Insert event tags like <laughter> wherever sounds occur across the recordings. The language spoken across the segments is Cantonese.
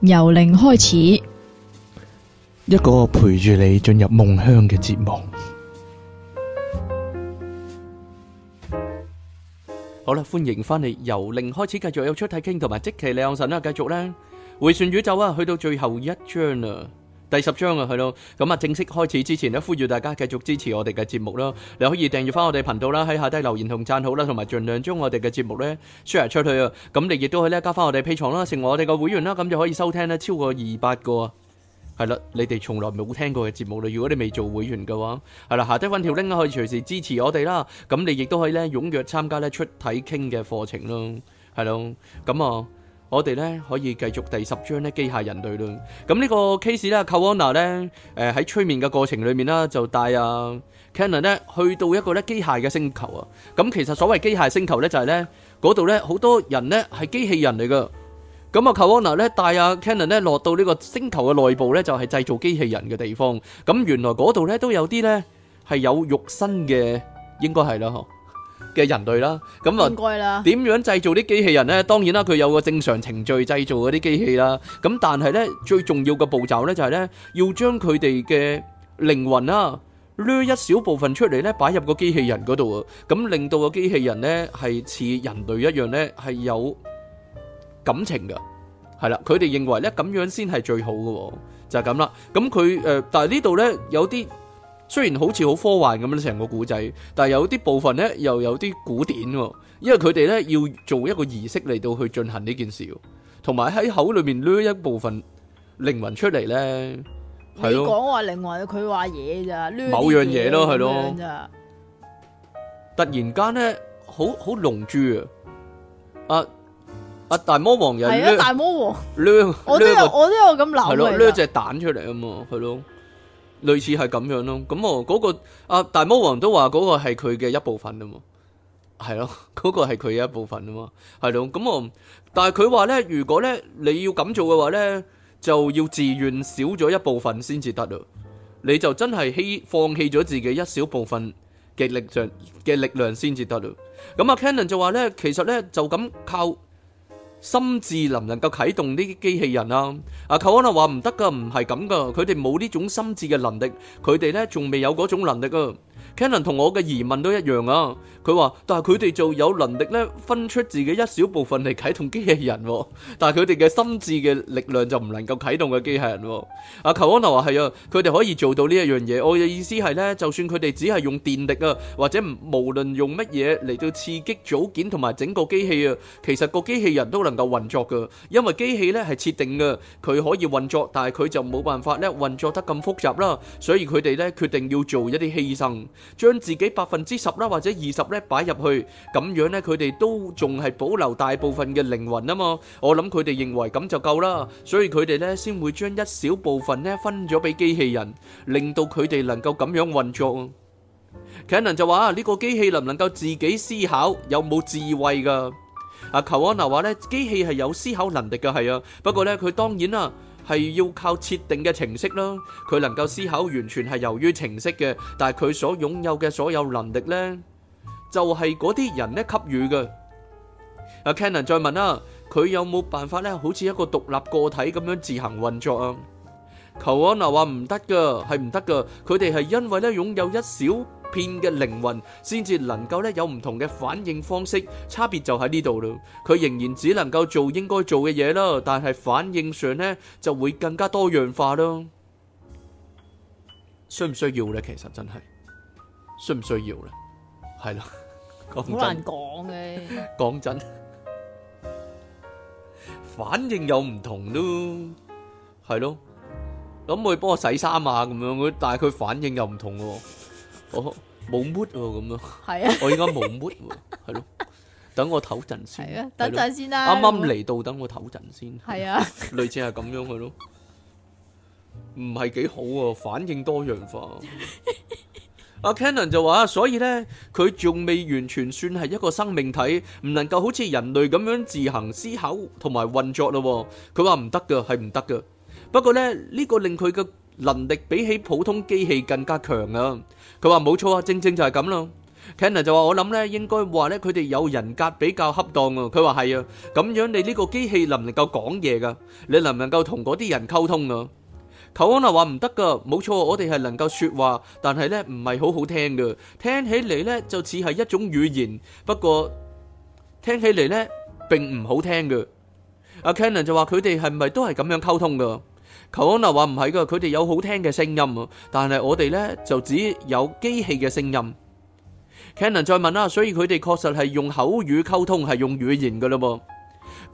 由零開始，一個陪住你進入夢鄉嘅節目。好啦，歡迎翻嚟由零開始，繼續有出體傾同埋積奇兩神啦，繼續啦，回旋宇宙啊，去到最後一章啊！第十章啊，係咯，咁啊正式開始之前咧，呼籲大家繼續支持我哋嘅節目啦。你可以訂住翻我哋頻道啦，喺下低留言同贊好啦，同埋儘量將我哋嘅節目咧 share 出去啊。咁你亦都可以咧加翻我哋 P 床啦，成為我哋嘅會員啦，咁就可以收聽咧超過二百個。係啦，你哋從來冇聽過嘅節目啦。如果你未做會員嘅話，係啦，下低揾條 link 可以隨時支持我哋啦。咁你亦都可以咧踴躍參加咧出體傾嘅課程咯。係咯，咁啊。我哋咧可以繼續第十章咧機械人類論。咁呢個 case 咧，寇安娜咧，誒喺催眠嘅過程裏面啦，就帶啊 Cannon 咧去到一個咧機械嘅星球啊。咁其實所謂機械星球咧，就係咧嗰度咧好多人咧係機器人嚟㗎。咁啊，寇安娜咧帶啊 Cannon 咧落到呢個星球嘅內部咧，就係製造機器人嘅地方。咁原來嗰度咧都有啲咧係有肉身嘅，應該係啦，嗬。嘅人類啦，咁啊點樣製造啲機器人咧？當然啦，佢有個正常程序製造嗰啲機器啦。咁但係咧，最重要嘅步驟咧就係咧，要將佢哋嘅靈魂啦，掠一小部分出嚟咧，擺入個機器人嗰度啊。咁令到個機器人咧係似人類一樣咧，係有感情㗎。係啦，佢哋認為咧咁樣先係最好嘅，就係咁啦。咁佢誒，但係呢度咧有啲。雖然好似好科幻咁樣成個古仔，但係有啲部分咧又有啲古典，因為佢哋咧要做一個儀式嚟，到去進行呢件事，同埋喺口裏面攞一部分靈魂出嚟咧。係咯。你講話靈魂，佢話嘢咋？某樣嘢咯，係咯。突然間咧，好好龍珠啊！阿阿大魔王有，係啊大魔王。我都有，我都有咁諗嘅。攞隻蛋出嚟啊嘛，係咯。類似係咁樣咯，咁我嗰、嗰個、啊、大魔王都話嗰個係佢嘅一部分啊嘛，係咯，嗰、嗰個係佢嘅一部分啊嘛，係咯，咁我但係佢話咧，如果咧你要咁做嘅話咧，就要自願少咗一部分先至得咯，你就真係棄放棄咗自己一小部分嘅力量嘅力量先至得咯。咁阿 Cannon 就話咧，其實咧就咁靠，心智能唔能夠啟動呢啲機器人啊？阿舅安就話唔得噶，唔係咁噶，佢哋冇呢種心智嘅能力，佢哋咧仲未有嗰種能力啊。Kenon 同我嘅疑問都一樣啊！佢話：但係佢哋就有能力咧，分出自己一小部分嚟啟動機器人，但係佢哋嘅心智嘅力量就唔能夠啟動個機器人。阿求安德話係啊，佢哋可以做到呢一樣嘢。我嘅意思係咧，就算佢哋只係用電力啊，或者無論用乜嘢嚟到刺激組件同埋整個機器啊，其實個機器人都能夠運作㗎，因為機器咧係設定嘅，佢可以運作，但係佢就冇辦法咧運作得咁複雜啦。所以佢哋咧決定要做一啲犧牲。將自己百分之十啦，或者二十咧擺入去，咁樣咧佢哋都仲係保留大部分嘅靈魂啊嘛。我諗佢哋認為咁就夠啦，所以佢哋咧先會將一小部分咧分咗俾機器人，令到佢哋能夠咁樣運作。Cannon 就話：呢個機器能唔能夠自己思考，有冇智慧㗎？啊，求安娜話咧，機器係有思考能力㗎，係啊，不過咧佢當然啦。係要靠設定嘅程式啦，佢能夠思考完全係由於程式嘅，但係佢所擁有嘅所有能力咧，就係嗰啲人咧給予嘅。阿 Kenan 再問啦，佢有冇辦法咧，好似一個獨立個體咁樣自行運作啊？求安娜話唔得㗎，係唔得㗎，佢哋係因為咧擁有一小片嘅靈魂先至能夠咧有唔同嘅反應方式，差別就喺呢度咯。佢仍然只能夠做應該做嘅嘢咯，但係反應上咧就會更加多樣化咯。需唔需要咧？其實真係需唔需要咧？係咯，好難講嘅。講真，反應又唔同咯，係咯，咁會幫我洗衫啊，咁樣佢，但係佢反應又唔同咯，哦。冇 mood 喎，咁樣，我而家冇 mood 喎，係咯，等我唞陣先，係啊，等陣先啦，啱啱嚟到，等我唞陣先，係啊，類似係咁樣嘅咯，唔係幾好喎，反應多樣化。阿 Canon 就話，所以咧，佢仲未完全算係一個生命體，唔能夠好似人類咁樣自行思考同埋運作咯。佢話唔得㗎，係唔得㗎。不過咧，呢個令佢嘅能力比起普通機器更加強啊。佢話冇錯啊，正正就係咁咯。Kenner 就話：我諗咧應該話咧，佢哋有人格比較恰當喎啊。佢話係啊，咁樣你呢個機器能唔能夠講嘢噶？你能唔能夠同嗰啲人溝通啊？寇安娜話唔得噶，冇錯，我哋係能夠説話，但係咧唔係好好聽噶，聽起嚟咧就似係一種語言，不過聽起嚟咧並唔好聽噶。阿 Kenner 就話：佢哋係咪都係咁樣溝通噶？求安娜就話唔係噶，佢哋有好聽嘅聲音，但係我哋呢就只有機器嘅聲音。Canon 再問啦，所以佢哋確實係用口語溝通，係用語言噶啦噃。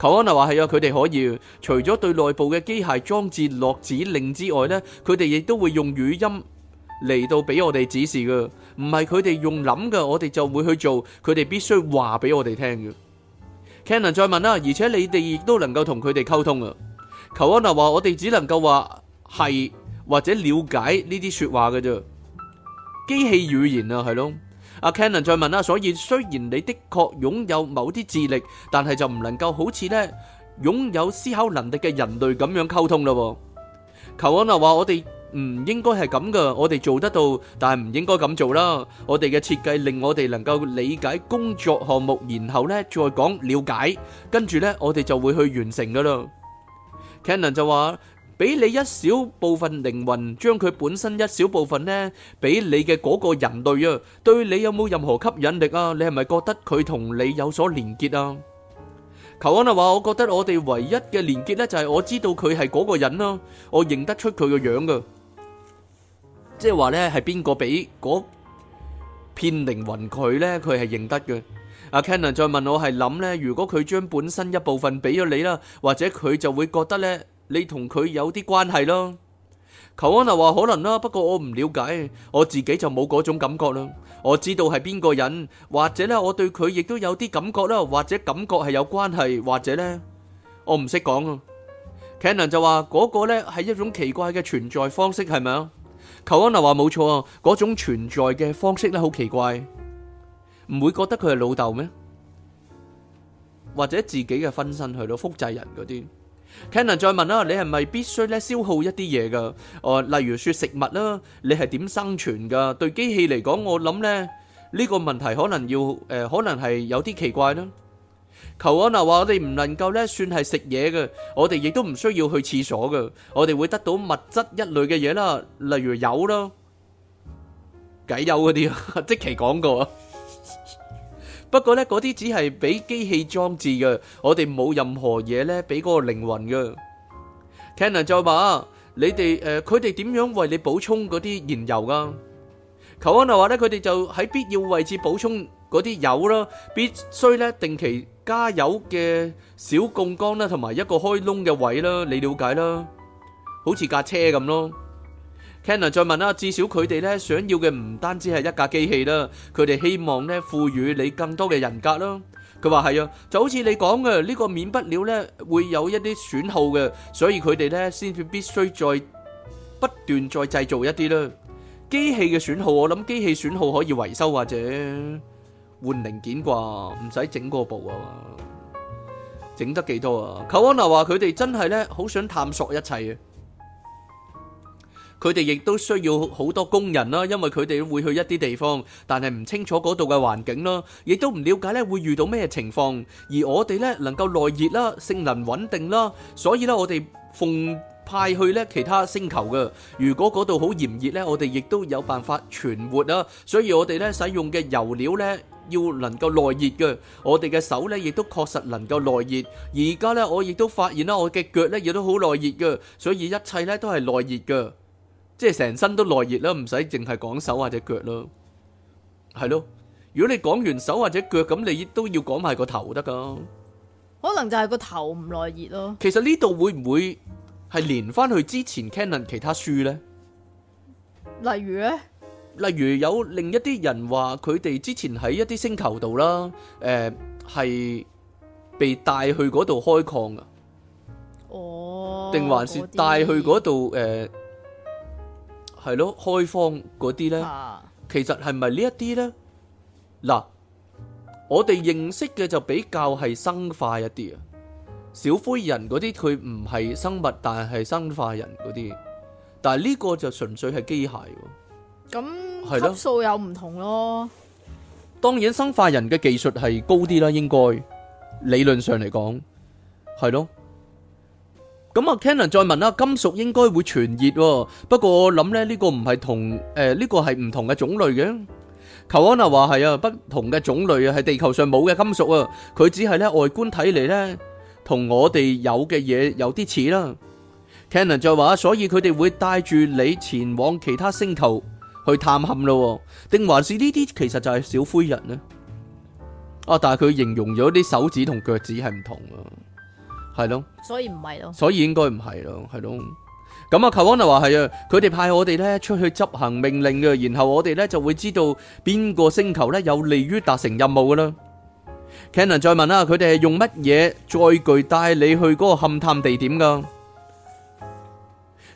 求安娜就話係啊，佢哋可以除咗對內部嘅機械裝置落指令之外呢，佢哋亦都會用語音嚟到俾我哋指示噶。唔係佢哋用諗噶，我哋就會去做。佢哋必須話俾我哋聽嘅。Canon 再問啦，而且你哋亦都能夠同佢哋溝通啊。求安娜話：我哋只能夠話係或者了解呢啲説話嘅啫，機器語言啊，係咯。阿 Canon 再問啦，所以雖然你的確擁有某啲智力，但係就唔能夠好似呢擁有思考能力嘅人類咁樣溝通啦。求安娜話：我哋唔應該係咁噶，我哋做得到，但係唔應該咁做啦。我哋嘅設計令我哋能夠理解工作項目，然後呢再講了解，跟住呢我哋就會去完成噶啦。Cannon 就話：俾你一小部分靈魂，將佢本身一小部分咧，俾你嘅嗰個人類啊，對你有冇任何吸引力啊？你係咪覺得佢同你有所連結啊？求安就話：我覺得我哋唯一嘅連結咧，就係我知道佢係嗰個人咯，我認得出佢個樣噶，即係話咧係邊個俾嗰片靈魂佢咧，佢係認得嘅。阿 Kenon 再問我係諗呢，如果佢將本身一部分俾咗你啦，或者佢就會覺得呢，你同佢有啲關係咯。裘安娜話可能啦，不過我唔了解，我自己就冇嗰種感覺啦。我知道係邊個人，或者呢，我對佢亦都有啲感覺啦，或者感覺係有關係，或者呢，我唔識講啊。Kenon 就話嗰個咧係一種奇怪嘅存在方式，係咪啊？裘安娜話冇錯啊，嗰種存在嘅方式咧好奇怪。唔會覺得佢係老豆咩？或者自己嘅分身去到複製人嗰啲？Cannon 再問啦，你係咪必須咧消耗一啲嘢噶？哦，例如説食物啦，你係點生存噶？對機器嚟講，我諗咧呢個問題可能要誒，可能係有啲奇怪啦。求安娜話我哋唔能夠咧算係食嘢嘅，我哋亦都唔需要去廁所嘅，我哋會得到物質一類嘅嘢啦，例如油咯，雞油嗰啲啊，即其講過。不過咧，嗰啲只係俾機器裝置嘅，我哋冇任何嘢咧俾嗰個靈魂嘅。Cannon 再問你哋誒，佢哋點樣為你補充嗰啲燃油噶？求安就話咧，佢哋就喺必要位置補充嗰啲油啦，必須咧定期加油嘅小槓桿啦，同埋一個開窿嘅位啦，你了解啦，好似架車咁咯。Kenner 再問啦，至少佢哋咧想要嘅唔單止係一架機器啦，佢哋希望咧賦予你更多嘅人格囉。佢話係啊，就好似你講嘅，呢個免不了咧會有一啲損耗嘅，所以佢哋咧先至必須再不斷再製造一啲啦。機器嘅損耗，我諗機器損耗可以維修或者換零件啩，唔使整個部啊，整得幾多啊？Kawana 話佢哋真係咧好想探索一切嘅。佢哋亦都需要好多工人啦，因為佢哋會去一啲地方，但係唔清楚嗰度嘅環境啦，亦都唔了解咧會遇到咩情況。而我哋咧能夠耐熱啦，性能穩定啦，所以咧我哋奉派去咧其他星球嘅。如果嗰度好炎熱咧，我哋亦都有辦法存活啊。所以我哋咧使用嘅油料咧要能夠耐熱嘅，我哋嘅手咧亦都確實能夠耐熱。而家咧我亦都發現啦，我嘅腳咧亦都好耐熱嘅，所以一切咧都係耐熱嘅。即係成身都耐熱啦，唔使淨係講手或者腳咯，係咯。如果你講完手或者腳咁，你亦都要講埋個頭得噶。可能就係個頭唔耐熱咯。其實呢度會唔會係連翻去之前 Canon 其他書咧？例如咧，例如有另一啲人話，佢哋之前喺一啲星球度啦，誒、呃，係被帶去嗰度開礦噶。哦。定還是帶去嗰度誒？哦係咯，開方嗰啲咧，其實係咪呢一啲咧？嗱，我哋認識嘅就比較係生化一啲啊，小灰人嗰啲佢唔係生物，但係係生化人嗰啲，但係呢個就純粹係機械。咁級數有唔同咯。當然，生化人嘅技術係高啲啦，應該理論上嚟講係咯。Canon 再問，金屬應該會傳熱喎，不過我諗呢，呢個唔係同，呃，呢個係唔同嘅種類嘅。求安係咯，所以唔係咯，所以應該唔係咯，係咯。咁啊，求安娜就話係啊，佢哋派我哋咧出去執行命令嘅，然後我哋咧就會知道邊個星球咧有利於達成任務噶啦。Cannon 再問啦，佢哋係用乜嘢載具帶你去嗰個勘探地點噶？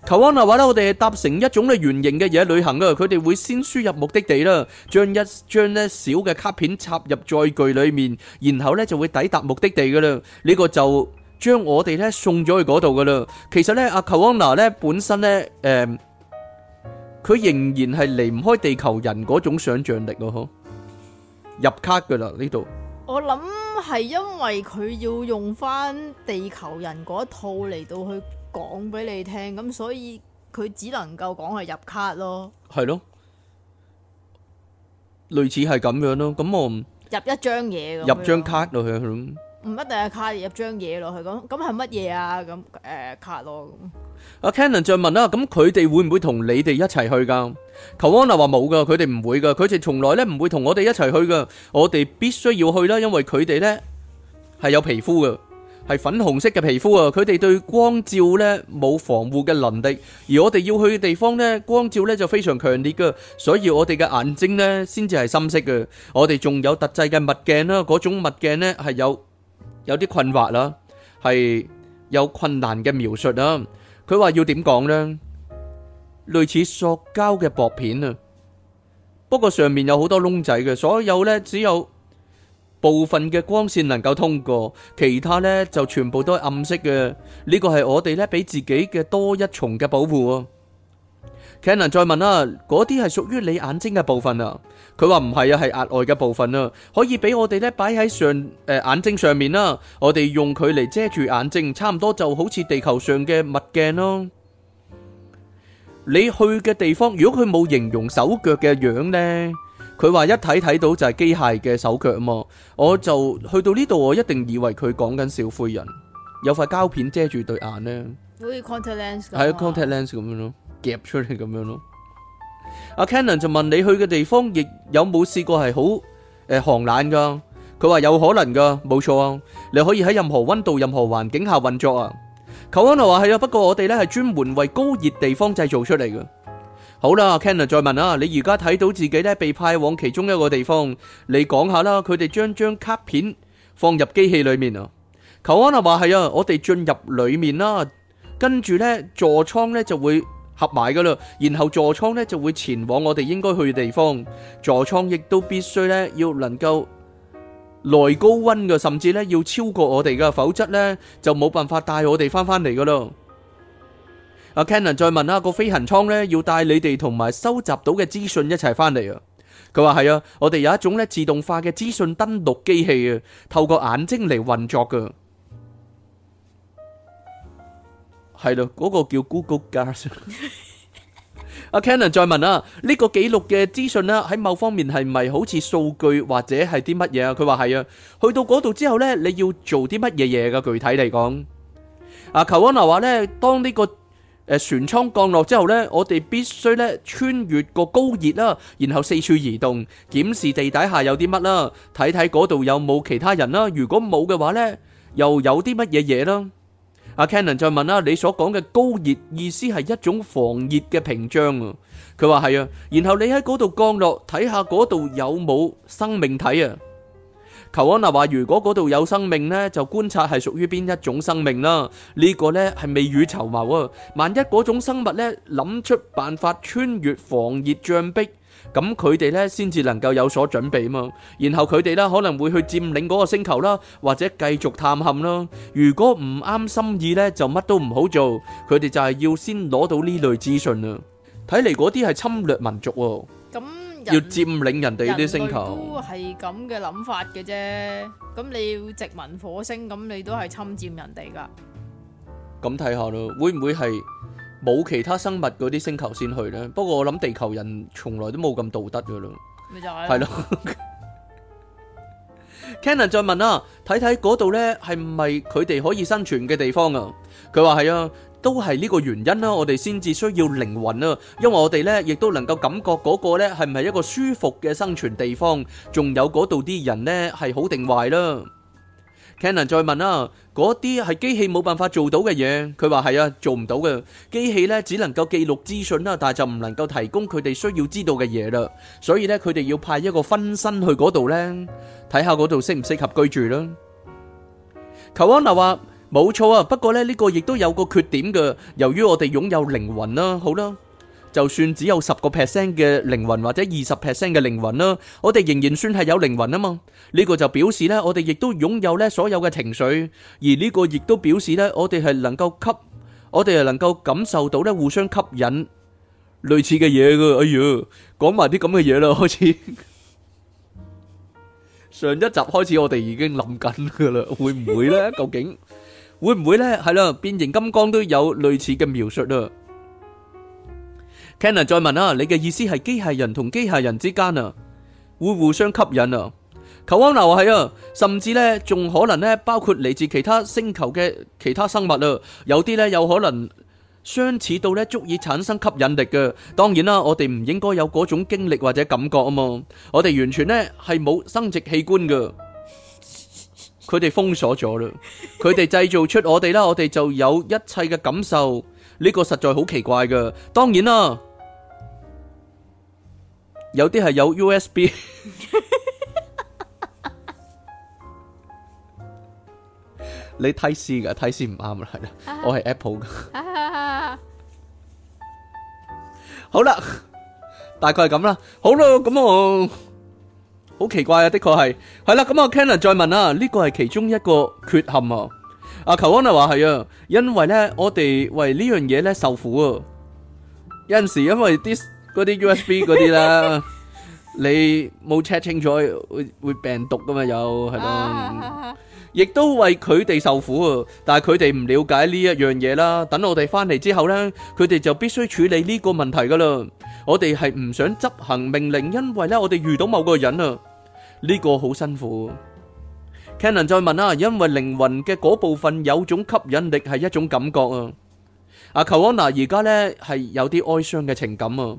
求安娜就話啦，我哋係搭乘一種咧圓形嘅嘢旅行噶，佢哋會先輸入目的地啦，將一張咧小嘅卡片插入載具裏面，然後咧就會抵達目的地噶啦。呢個就。將我哋咧送咗去嗰度噶啦，其實咧阿寇安娜咧本身咧，誒，佢仍然係離唔開地球人嗰種想象力咯，入卡噶啦呢度。我諗係因為佢要用翻地球人嗰套嚟到去講俾你聽，咁所以佢只能夠講係入卡咯。係咯，類似係咁樣咯，咁我入一張嘢噶，入張卡落去咯。唔一定係卡入張嘢落去咁，咁係乜嘢啊？咁誒，卡咯咁。阿 Cannon 再問啦，咁佢哋會唔會同你哋一齊去噶？求安納，話冇噶，佢哋唔會噶，佢哋從來咧唔會同我哋一齊去噶。我哋必須要去啦，因為佢哋咧係有皮膚噶，係粉紅色嘅皮膚啊。佢哋對光照咧冇防護嘅能力，而我哋要去嘅地方咧，光照咧就非常強烈噶，所以我哋嘅眼睛咧先至係深色嘅。我哋仲有特製嘅墨鏡啦，嗰種墨鏡咧係有。有啲困惑啦，係有困難嘅描述啦。佢話要點講呢？類似塑膠嘅薄片啊，不過上面有好多窿仔嘅，所有呢，只有部分嘅光線能夠通過，其他呢就全部都係暗色嘅。這個、是呢個係我哋呢畀自己嘅多一重嘅保護啊。Cannon 再問啦，嗰啲係屬於你眼睛嘅部分啊？佢話唔係啊，係額外嘅部分啊，可以俾我哋咧擺喺上誒、呃、眼睛上面啦。我哋用佢嚟遮住眼睛，差唔多就好似地球上嘅墨鏡咯。你去嘅地方，如果佢冇形容手腳嘅樣呢，佢話一睇睇到就係機械嘅手腳啊嘛。我就去到呢度，我一定以為佢講緊小灰人，有一塊膠片遮住眼對眼呢。好似 contact lens。係 contact lens 咁樣咯，夾出嚟咁樣咯。阿 Cannon 就問你去嘅地方，亦有冇試過係好誒寒冷㗎？佢話有可能㗎，冇錯啊！你可以喺任何溫度、任何環境下運作啊。求安就話係啊，不過我哋咧係專門為高熱地方製造出嚟嘅。好啦，Cannon 再問啊，你而家睇到自己咧被派往其中一個地方，你講下啦。佢哋將張卡片放入機器裡面啊。求安就話係啊，我哋進入裡面啦，跟住咧座艙咧就會。合埋噶啦，然後座艙咧就會前往我哋應該去嘅地方。座艙亦都必須咧要能夠耐高溫嘅，甚至咧要超過我哋噶，否則咧就冇辦法帶我哋翻翻嚟噶咯。阿 Canon 再問下，個飛行艙咧要帶你哋同埋收集到嘅資訊一齊翻嚟啊？佢話係啊，我哋有一種咧自動化嘅資訊登錄機器啊，透過眼睛嚟運作㗎。係咯，嗰個叫 Google Glass。阿 Canon 再問啊，呢個記錄嘅資訊咧，喺某方面係咪好似數據或者係啲乜嘢啊？佢話係啊。去到嗰度之後咧，你要做啲乜嘢嘢噶？具體嚟講，啊，求安娜話咧，當呢個誒船艙降落之後咧，我哋必須咧穿越個高熱啦，然後四處移動，檢視地底下有啲乜啦，睇睇嗰度有冇其他人啦。如果冇嘅話咧，又有啲乜嘢嘢啦？Ah Cannon，就問啦，你所講嘅高熱意思係一種防熱嘅屏障啊。佢話係啊，然後你喺嗰度降落，睇下嗰度有冇生命體啊。咁佢哋咧先至能夠有所準備嘛，然後佢哋啦可能會去佔領嗰個星球啦，或者繼續探險啦。如果唔啱心意咧，就乜都唔好做。佢哋就係要先攞到呢類資訊啦。睇嚟嗰啲係侵略民族哦，咁要佔領人哋啲星球。人類都係咁嘅諗法嘅啫。咁你要殖民火星，咁你都係侵占人哋噶。咁睇下咯，會唔會係？冇其他生物嗰啲星球先去呢，不過我諗地球人從來都冇咁道德噶啦，咪就係係咯。Cannon 再問啊，睇睇嗰度呢係唔係佢哋可以生存嘅地方啊？佢話係啊，都係呢個原因啦，我哋先至需要靈魂啊，因為我哋呢亦都能夠感覺嗰個呢係唔係一個舒服嘅生存地方，仲有嗰度啲人呢係好定壞啦。Cannon 再問啊。嗰啲係機器冇辦法做到嘅嘢？佢話係啊，做唔到嘅。機器咧只能夠記錄資訊啦，但係就唔能夠提供佢哋需要知道嘅嘢啦。所以咧，佢哋要派一個分身去嗰度咧，睇下嗰度適唔適合居住啦。求安那話冇錯啊，不過咧呢個亦都有個缺點嘅，由於我哋擁有靈魂啦，好啦。就算只有十個 percent 嘅靈魂或者二十 percent 嘅靈魂啦，我哋仍然算係有靈魂啊嘛。呢個就表示咧，我哋亦都擁有咧所有嘅情緒，而呢個亦都表示咧，我哋係能夠吸，我哋係能夠感受到咧互相吸引類似嘅嘢噶。哎呀，講埋啲咁嘅嘢啦，開始上一集開始，我哋已經諗緊噶啦，會唔會咧？究竟會唔會咧？係啦，變形金剛都有類似嘅描述啦。Kenan 再問啊，你嘅意思係機械人同機械人之間啊，會互相吸引啊？求安話係啊，甚至咧仲可能咧包括嚟自其他星球嘅其他生物啊，有啲咧有可能相似到咧足以產生吸引力嘅。當然啦，我哋唔應該有嗰種經歷或者感覺啊嘛，我哋完全咧係冇生殖器官㗎，佢哋封鎖咗啦，佢哋製造出我哋啦，我哋就有一切嘅感受，呢個實在好奇怪㗎。當然啦。有啲係有 USB，你睇 C 嘅睇 C 唔啱啊，係啦，我係 Apple 嘅。好啦，大概係咁啦。好咯，咁我好奇怪啊，的確係，係啦。咁啊，Canon 再問啊，呢個係其中一個缺陷啊。啊，求安啊話係啊，因為咧，我哋為呢樣嘢咧受苦啊。有陣時因為啲嗰啲 USB 嗰啲啦，你冇 check 清楚會會病毒噶嘛？又係咯，亦都為佢哋受苦啊！但係佢哋唔了解呢一樣嘢啦。等我哋翻嚟之後呢，佢哋就必須處理呢個問題噶啦。我哋係唔想執行命令，因為咧我哋遇到某個人啊，呢個好辛苦。Cannon 再問啊，因為靈魂嘅嗰部分有種吸引力係一種感覺啊。阿寇安娜而家呢係有啲哀傷嘅情感啊。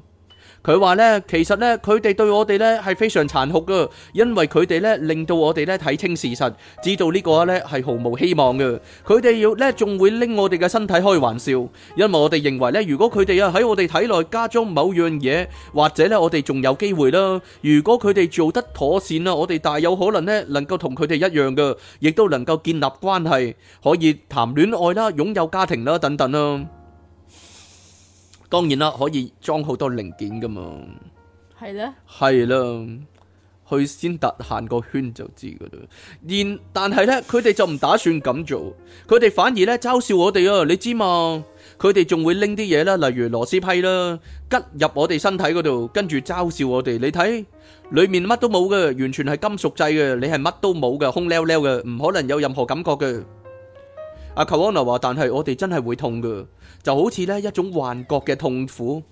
佢話咧，其實咧，佢哋對我哋咧係非常殘酷噶，因為佢哋咧令到我哋咧睇清事實，知道呢個咧係毫無希望噶。佢哋要咧仲會拎我哋嘅身體開玩笑，因為我哋認為咧，如果佢哋啊喺我哋體內加裝某樣嘢，或者咧我哋仲有機會啦。如果佢哋做得妥善啦，我哋大有可能咧能夠同佢哋一樣噶，亦都能夠建立關係，可以談戀愛啦，擁有家庭啦，等等啦。當然啦，可以裝好多零件噶嘛，係咧，係啦，佢先突行個圈就知噶啦。然，但係咧，佢哋就唔打算咁做，佢哋反而咧嘲笑我哋啊！你知嘛？佢哋仲會拎啲嘢啦，例如螺絲批啦，拮入我哋身體嗰度，跟住嘲笑我哋。你睇裏面乜都冇嘅，完全係金屬製嘅，你係乜都冇嘅，空溜溜嘅，唔可能有任何感覺嘅。阿寇安娜話，但係我哋真係會痛噶，就好似咧一種幻覺嘅痛苦。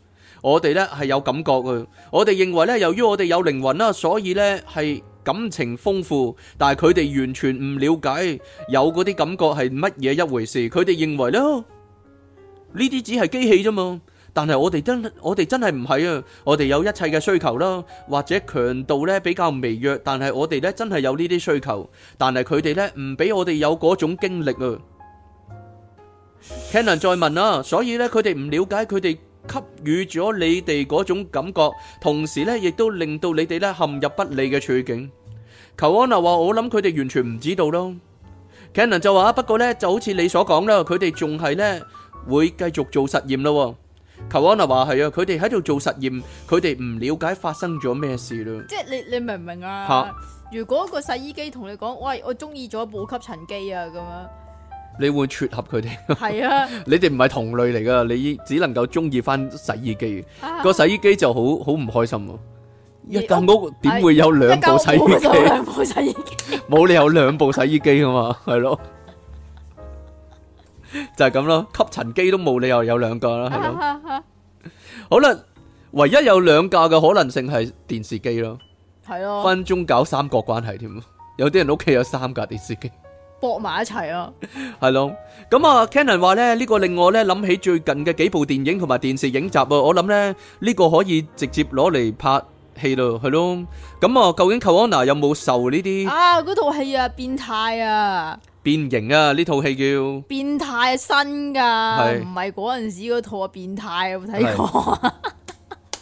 我哋咧係有感覺嘅。我哋認為咧，由於我哋有靈魂啦，所以咧係感情豐富。但係佢哋完全唔了解有嗰啲感覺係乜嘢一回事。佢哋認為咧，呢啲只係機器啫嘛。但係我哋真，我哋真係唔係啊！我哋有一切嘅需求啦，或者強度咧比較微弱，但係我哋咧真係有呢啲需求。但係佢哋咧唔俾我哋有嗰種經歷啊！Canon 再問啦，所以咧佢哋唔瞭解佢哋給予咗你哋嗰種感覺，同時咧亦都令到你哋咧陷入不利嘅處境。求安娜話，我諗佢哋完全唔知道咯。Canon 就話，不過咧就好似你所講啦，佢哋仲係咧會繼續做實驗咯。求安娜話，係啊，佢哋喺度做實驗，佢哋唔瞭解發生咗咩事咯。即係你你明唔明啊？嚇！如果個洗衣機同你講，喂，我中意咗部吸塵機啊，咁樣。你會撮合佢哋？係啊， <laughs> 你哋唔係同類嚟㗎，你只能夠鍾意返洗衣機，啊嗰個洗衣機就好好唔開心喎、啊。一間屋點、哎、會有兩部洗衣機？冇、啊、你有 <laughs> 兩部洗衣機㗎 <laughs> 嘛，係咯， <laughs> 就係咁咯。吸塵機都冇理由有兩架啦，係咯、啊啊。好啦，唯一有兩架嘅可能性係電視機咯，係咯、啊，分鐘搞三角關係添，有啲人屋企有三架電視機。搏埋一齊啊！係 <laughs> 咯，咁、嗯、啊，Cannon 話咧，呢、呢個令我咧諗起最近嘅幾部電影同埋電視影集啊，我諗咧呢、呢個可以直接攞嚟拍戲咯，係、嗯、咯。咁、嗯、啊，究竟 Kuana 有冇受呢啲啊？嗰套戲啊，變態啊！變形啊！呢套戲叫變態新㗎，唔係嗰陣時嗰套變態，有冇睇過？的 <laughs>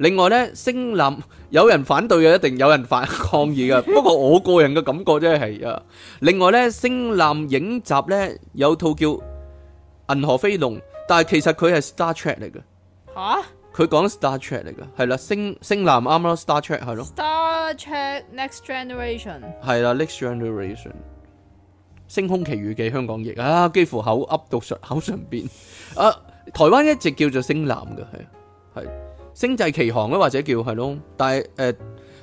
另外咧，星藍有人反對嘅，一定有人反抗議噶。不過我個人嘅感覺真係啊。 <laughs> 另外咧，星藍影集咧有套叫《銀河飛龍》，但係其實佢係 Star Trek 嚟嘅。吓！佢講 Star Trek 嚟嘅，係啦，星星藍啱啱 Star Trek 係咯。Star Trek Next Generation 係啦，Next Generation《星空奇遇記》香港譯啊，幾乎口噏到實口上邊。啊，台灣一直叫做星藍嘅，係係。星際奇航咧，或者叫係咯，但係誒，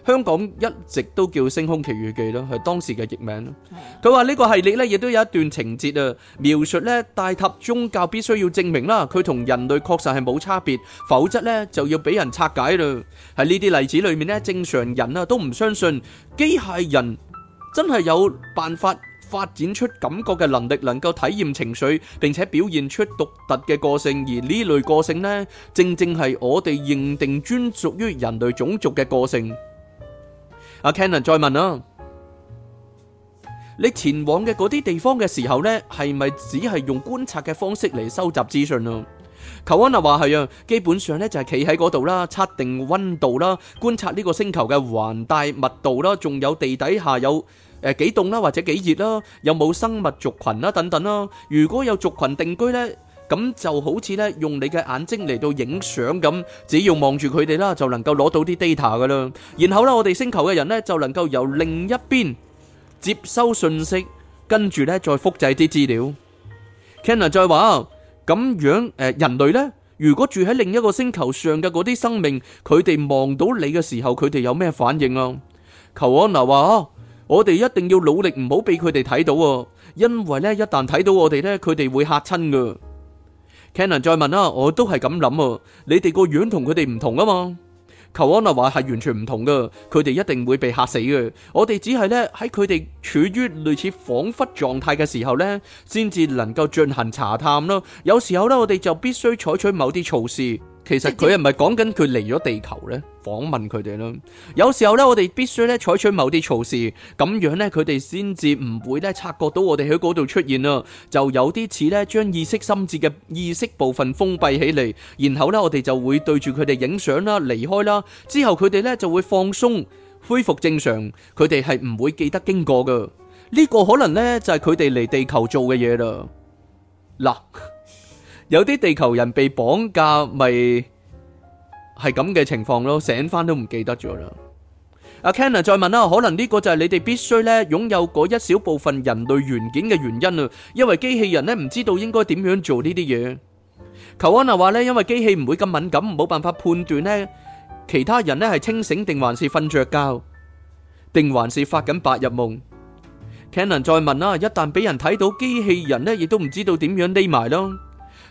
香港一直都叫《星空奇遇記》咯，係當時嘅譯名咯。佢話呢個系列咧，亦都有一段情節啊，描述咧，大塔宗教必須要證明啦，佢同人類確實係冇差別，否則咧就要俾人拆解啦。喺呢啲例子裏面咧，正常人啊都唔相信機械人真係有辦法。發展出感覺嘅能力，能夠體驗情緒，並且表現出獨特嘅個性。而呢類個性呢，正正係我哋認定專屬於人類種族嘅個性。阿 Kennan 再問啦，你前往嘅嗰啲地方嘅時候呢，係咪只係用觀察嘅方式嚟收集資訊啊？求安娜話係啊，基本上呢就係企喺嗰度啦，測定溫度啦，觀察呢個星球嘅環帶密度啦，仲有地底下有。誒，幾凍啦，或者幾熱啦，有冇生物族群啦，等等啦。如果有族群定居咧，咁就好似咧用你嘅眼睛嚟到影相咁，只要望住佢哋啦，就能夠攞到啲 data 噶啦。然後咧，我哋星球嘅人咧就能夠由另一邊接收信息，跟住咧再複製啲資料。Kenner 再話咁樣，誒，人類咧如果住喺另一個星球上嘅嗰啲生命，佢哋望到你嘅時候，佢哋有咩反應啊？求安達話。我哋一定要努力，唔好俾佢哋睇到喎。因為咧，一旦睇到我哋咧，佢哋會吓親噶。Cannon 再問啦，我都係咁諗啊。你哋個樣同佢哋唔同啊嘛。求安 a 話係完全唔同噶，佢哋一定會被吓死嘅。我哋只係咧喺佢哋處於類似恍惚狀態嘅時候咧，先至能夠進行查探啦。有時候咧，我哋就必須採取某啲措施。其實佢係唔係講緊佢嚟咗地球咧訪問佢哋啦？有時候咧，我哋必須咧採取某啲措施，咁樣咧，佢哋先至唔會咧察覺到我哋喺嗰度出現啦。就有啲似咧將意識心智嘅意識部分封閉起嚟，然後咧我哋就會對住佢哋影相啦、離開啦。之後佢哋咧就會放鬆，恢復正常。佢哋係唔會記得經過噶。呢個可能咧就係佢哋嚟地球做嘅嘢啦。嗱。有啲地球人被綁架，咪係咁嘅情況咯。醒翻都唔記得咗啦。阿 Cannon 再問啦，可能呢個就係你哋必須咧擁有嗰一小部分人類元件嘅原因啦，因為機器人咧唔知道應該點樣做呢啲嘢。求安啊話咧，因為機器唔會咁敏感，冇辦法判斷咧其他人咧係清醒定還是瞓著覺，定還是發緊白日夢。Cannon 再問啦，一旦俾人睇到機器人咧，亦都唔知道點樣匿埋咯。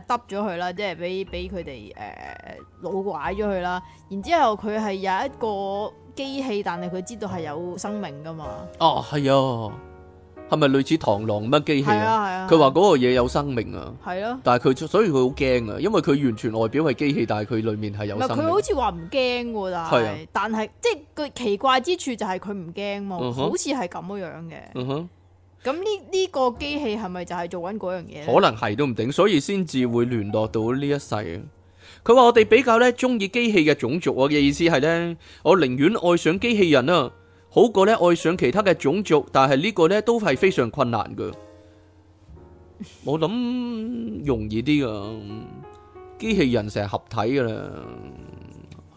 誒咗佢啦，即係俾俾佢哋誒腦壞咗佢啦。然之後佢係有一個、啊啊、機器，但係佢知道係有生命噶嘛。哦，係啊，係咪類似螳螂乜機器啊？係啊。佢話嗰個嘢有生命啊。係咯。但係佢所以佢好驚啊，因為佢完全外表係機器，但係佢裡面係有。唔係佢好似話唔驚㗎，但係，但係即係佢奇怪之處就係佢唔驚喎，好似係咁樣嘅。嗯哼。咁呢呢個機器係咪就係做緊嗰樣嘢？可能係都唔定，所以先至會聯絡到呢一世。佢話我哋比較咧中意機器嘅種族，我嘅意思係咧，我寧願愛上機器人啊，好過咧愛上其他嘅種族。但係呢個咧都係非常困難噶。我諗容易啲噶，機器人成日合體噶啦，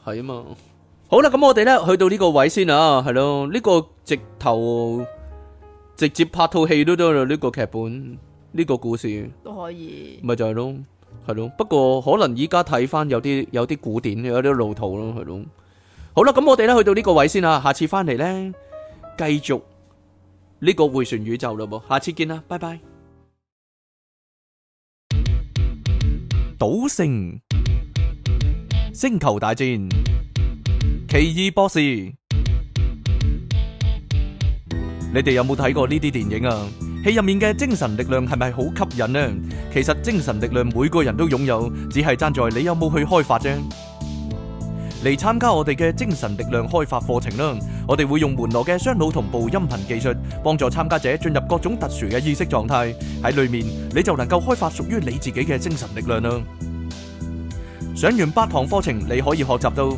係啊嘛。好啦，咁我哋咧去到呢個位先啊，係咯，呢個直頭。直接拍套戲都得啦呢個劇本呢、呢個故事都可以，咪就係、是、咯，係咯。不過可能依家睇翻有啲有啲古典，有啲路途咯，係咯。好啦，咁我哋咧去到呢個位先啦，下次翻嚟咧繼續呢個迴旋宇宙咯噃，下次見啦，拜拜。賭聖星球大戰奇異博士。你哋有冇睇過呢啲電影啊？戲入面嘅精神力量係咪好吸引呢？其實精神力量每個人都擁有，只係爭在你有冇去開發啫。嚟參加我哋嘅精神力量開發課程啦！我哋會用門羅嘅雙腦同步音頻技術，幫助參加者進入各種特殊嘅意識狀態。喺裏面你就能夠開發屬於你自己嘅精神力量啦。上完八堂課程，你可以學習到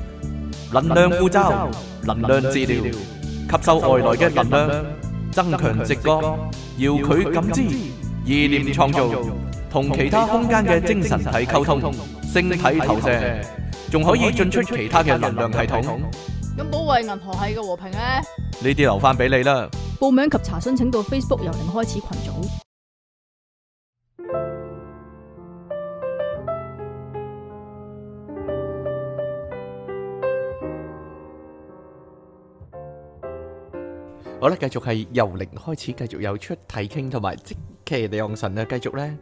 能量護罩、能量治療、吸收外來嘅能量。增強直覺，遙距感知，意念創造，同其他空間嘅精神體溝通，星體投射，仲可以進出其他嘅能量系統。咁保衛銀河系嘅和平咧？呢啲留翻俾你啦。報名及查詢請到 Facebook 由零開始群組。好啦，繼續係由零開始，繼續有出體傾同埋即利用神啊！繼續咧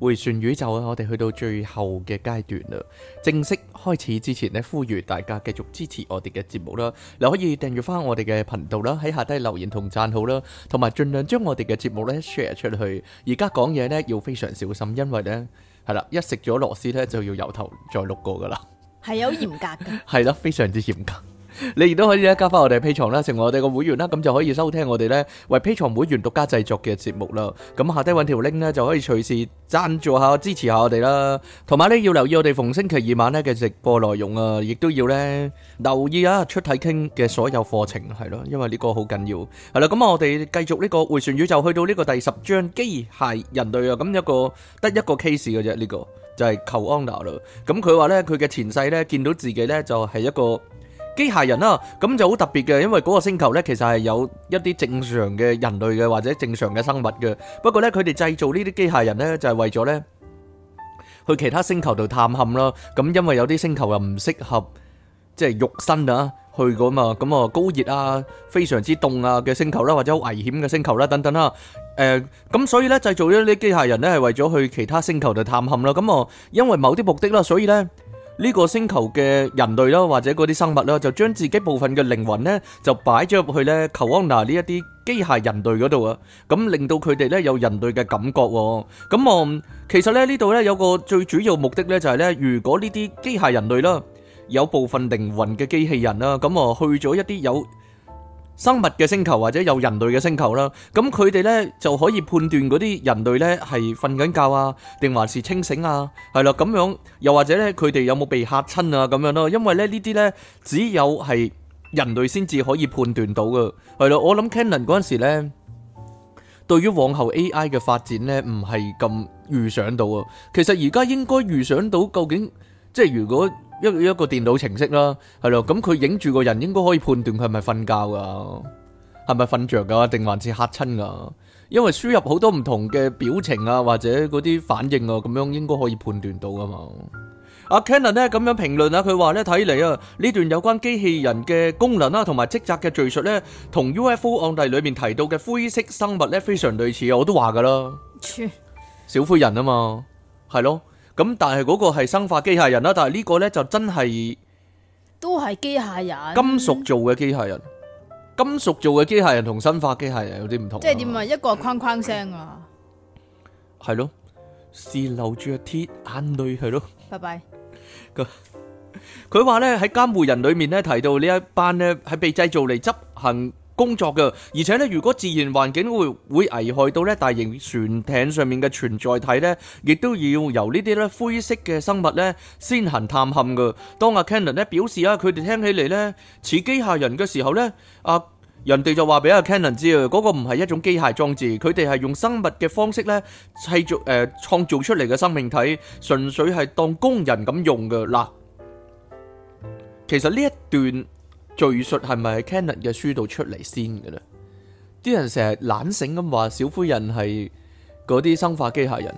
迴旋宇宙啊！我哋去到最後嘅階段啦，正式開始之前咧，呼籲大家繼續支持我哋嘅節目啦。你可以訂閱翻我哋嘅頻道啦，喺下低留言同讚好啦，同埋盡量將我哋嘅節目呢 share 出去。而家講嘢呢要非常小心，因為呢係啦，一食咗螺絲呢就要由頭再錄過噶啦，係有嚴格噶，係 <laughs> 咯，非常之嚴格。你亦都可以咧加翻我哋 P 床啦，成為我哋個會員啦，咁就可以收聽我哋咧為 P 床會員獨家製作嘅節目啦。咁下低揾條 link 咧就可以隨時贊助下支持下我哋啦。同埋咧要留意我哋逢星期二晚咧嘅直播內容啊，亦都要咧留意啊出體傾嘅所有課程係咯，因為呢個好緊要。係、嗯、啦，咁啊我哋繼續呢個迴旋宇宙，去到呢個第十章機械人類啊，咁一個得一個 case 嘅、這、啫、個，呢個就係求安 d 啦。咁佢話咧佢嘅前世咧見到自己咧就係一個。機械人啦，咁就好特別嘅，因為嗰個星球咧，其實係有一啲正常嘅人類嘅或者正常嘅生物嘅。不過咧，佢哋製造呢啲機械人咧，就係為咗咧去其他星球度探險啦。咁因為有啲星球又唔適合，即係肉身啊去咁啊，咁啊高熱啊，非常之凍啊嘅星球啦，或者好危險嘅星球啦等等啦。誒，咁所以咧製造咗呢啲機械人咧，係為咗去其他星球度探險啦。咁啊，因為某啲目的啦，所以咧。呢、這個星球嘅人類啦，或者嗰啲生物啦，就將自己部分嘅靈魂咧，就擺咗入去咧，裘安娜呢一啲機械人類嗰度啊，咁令到佢哋咧有人類嘅感覺喎。咁、嗯、啊，其實咧呢度咧有一個最主要目的咧就係咧，如果呢啲機械人類啦，有部分靈魂嘅機器人啦，咁啊去咗一啲有生物嘅星球或者有人類嘅星球啦，咁佢哋呢就可以判斷嗰啲人類呢係瞓緊覺啊，定還是清醒啊？係咯，咁樣又或者呢，佢哋有冇被嚇親啊？咁樣咯，因為咧呢啲呢，只有係人類先至可以判斷到嘅。係咯，我諗 Cannon 嗰陣時呢，對於往後 AI 嘅發展呢，唔係咁預想到啊。其實而家應該預想到究竟，即係如果。一一個電腦程式啦，係咯，咁佢影住個人應該可以判斷佢係咪瞓覺噶，係咪瞓着噶，定還是吓親㗎？因為輸入好多唔同嘅表情啊，或者嗰啲反應啊，咁樣應該可以判斷到㗎嘛。阿 Ken 呢咁樣評論啊，佢話咧睇嚟啊，呢段有關機器人嘅功能啦，啊，同埋職責嘅敘述咧，同 UFO 案例裏面提到嘅灰色生物咧非常類似啊，我都話噶啦， <laughs> 小灰人啊嘛，係咯。咁但係嗰個係生化機械人啦，但係呢個咧就真係都係機械人，金屬做嘅機械人，金屬做嘅機械人同生化機械人有啲唔同。即係點啊？一個框框聲啊，係咯，是流住一啲眼淚係咯。拜拜。佢佢話咧喺監護人裏面咧提到呢一班咧喺被製造嚟執行。工作嘅，而且咧，如果自然環境會會危害到咧大型船艇上面嘅存在體咧，亦都要由呢啲咧灰色嘅生物咧先行探勘嘅。當阿 Kennan 咧表示啊，佢哋聽起嚟咧似機械人嘅時候咧，啊人哋就話俾阿 Kennan 知啊，嗰個唔係一種機械裝置，佢哋係用生物嘅方式咧砌造，誒，創造出嚟嘅生命體，純粹係當工人咁用嘅。嗱，其實呢一段。敘述係咪 Cannon 嘅書度出嚟先嘅咧？啲人成日懶醒咁話小灰人係嗰啲生化機械人，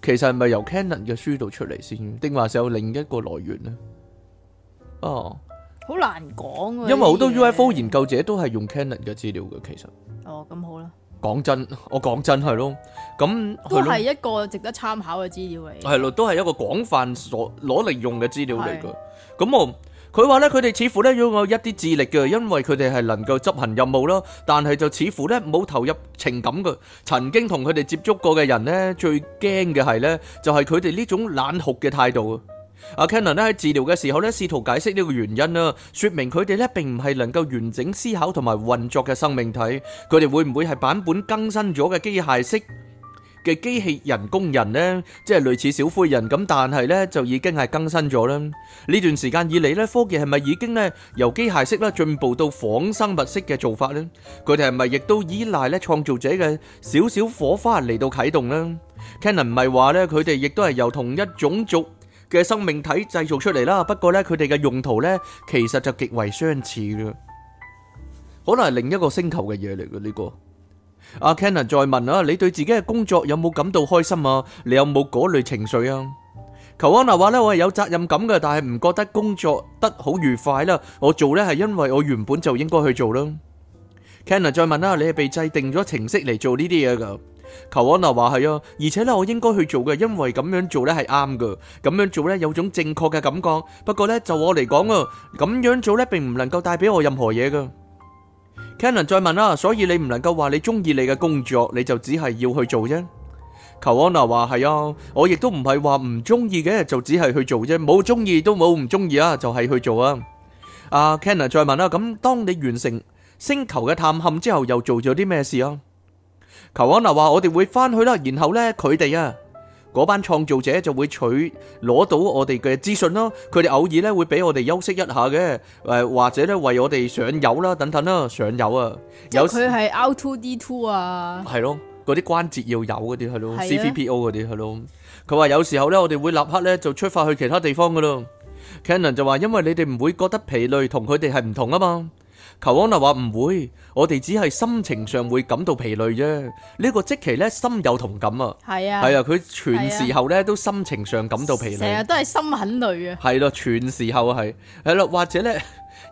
其實係咪由 Cannon 嘅書度出嚟先？定話係有另一個來源呢？哦，好難講啊。因為好多 UFO 研究者都係用 Cannon 嘅資料嘅，其實。哦，咁好啦。講真，我講真係咯，咁都係一個值得參考嘅資料嚟。係咯，咯，都係一個廣泛所攞嚟用嘅資料嚟嘅。咁我。佢話咧，佢哋似乎咧要有一啲智力嘅，因為佢哋係能夠執行任務咯。但係就似乎咧冇投入情感嘅。曾經同佢哋接觸過嘅人咧，最驚嘅係咧，就係佢哋呢種冷酷嘅態度。阿 Cannon 咧喺治療嘅時候咧，試圖解釋呢個原因啦，説明佢哋咧並唔係能夠完整思考同埋運作嘅生命體。佢哋會唔會係版本更新咗嘅機械式？嘅機器人工人呢，即係類似小灰人咁，但係呢就已經係更新咗啦。呢段時間以嚟呢，科技係咪已經呢由機械式啦進步到仿生物式嘅做法呢？佢哋係咪亦都依賴咧創造者嘅少少火花嚟到啟動呢？Canon 唔係話呢佢哋亦都係由同一種族嘅生命體製造出嚟啦，不過呢佢哋嘅用途呢其實就極為相似嘅，可能係另一個星球嘅嘢嚟嘅呢個。阿 Cannon 再問啊，你對自己嘅工作有冇感到開心啊？你有冇嗰類情緒啊？裘安娜話咧，我係有責任感噶，但係唔覺得工作得好愉快啦。我做咧係因為我原本就應該去做啦。Cannon 再問啦，你係被制定咗程式嚟做呢啲嘢噶？裘安娜話係啊，而且咧我應該去做嘅，因為咁樣做咧係啱噶，咁樣做咧有種正確嘅感覺。不過咧就我嚟講啊，咁樣做咧並唔能夠帶俾我任何嘢噶。Cannon 再問啦，所以你唔能夠話你鍾意你嘅工作，你就只係要去做啫。Kawana 話，係啊，我亦都唔係話唔鍾意嘅，就只係去做啫。冇鍾意都冇唔鍾意啊，就係去做啊。啊，Cannon 再問啦，咁，當你完成星球嘅探勘之後，又做咗啲咩事啊。Kawana 話，嗰班創造者就會取攞到我哋嘅資訊咯，佢哋偶爾咧會俾我哋休息一下嘅，誒或者咧為我哋上油啦，等等啦，上油啊！即係佢係 R2D2 啊，係咯，嗰啲關節要有嗰啲係咯，C3PO 嗰啲係咯。佢話有時候咧，我哋會立刻咧就出發去其他地方噶咯。Canon 就話因為你哋唔會覺得疲累，同佢哋係唔同啊嘛。求安娜話唔會，我哋只係心情上會感到疲累啫。呢、這個即期咧心有同感啊，係啊，係啊，佢全時候咧都心情上感到疲累，成日都係心很累啊，係咯、啊，全時候係係咯，或者咧。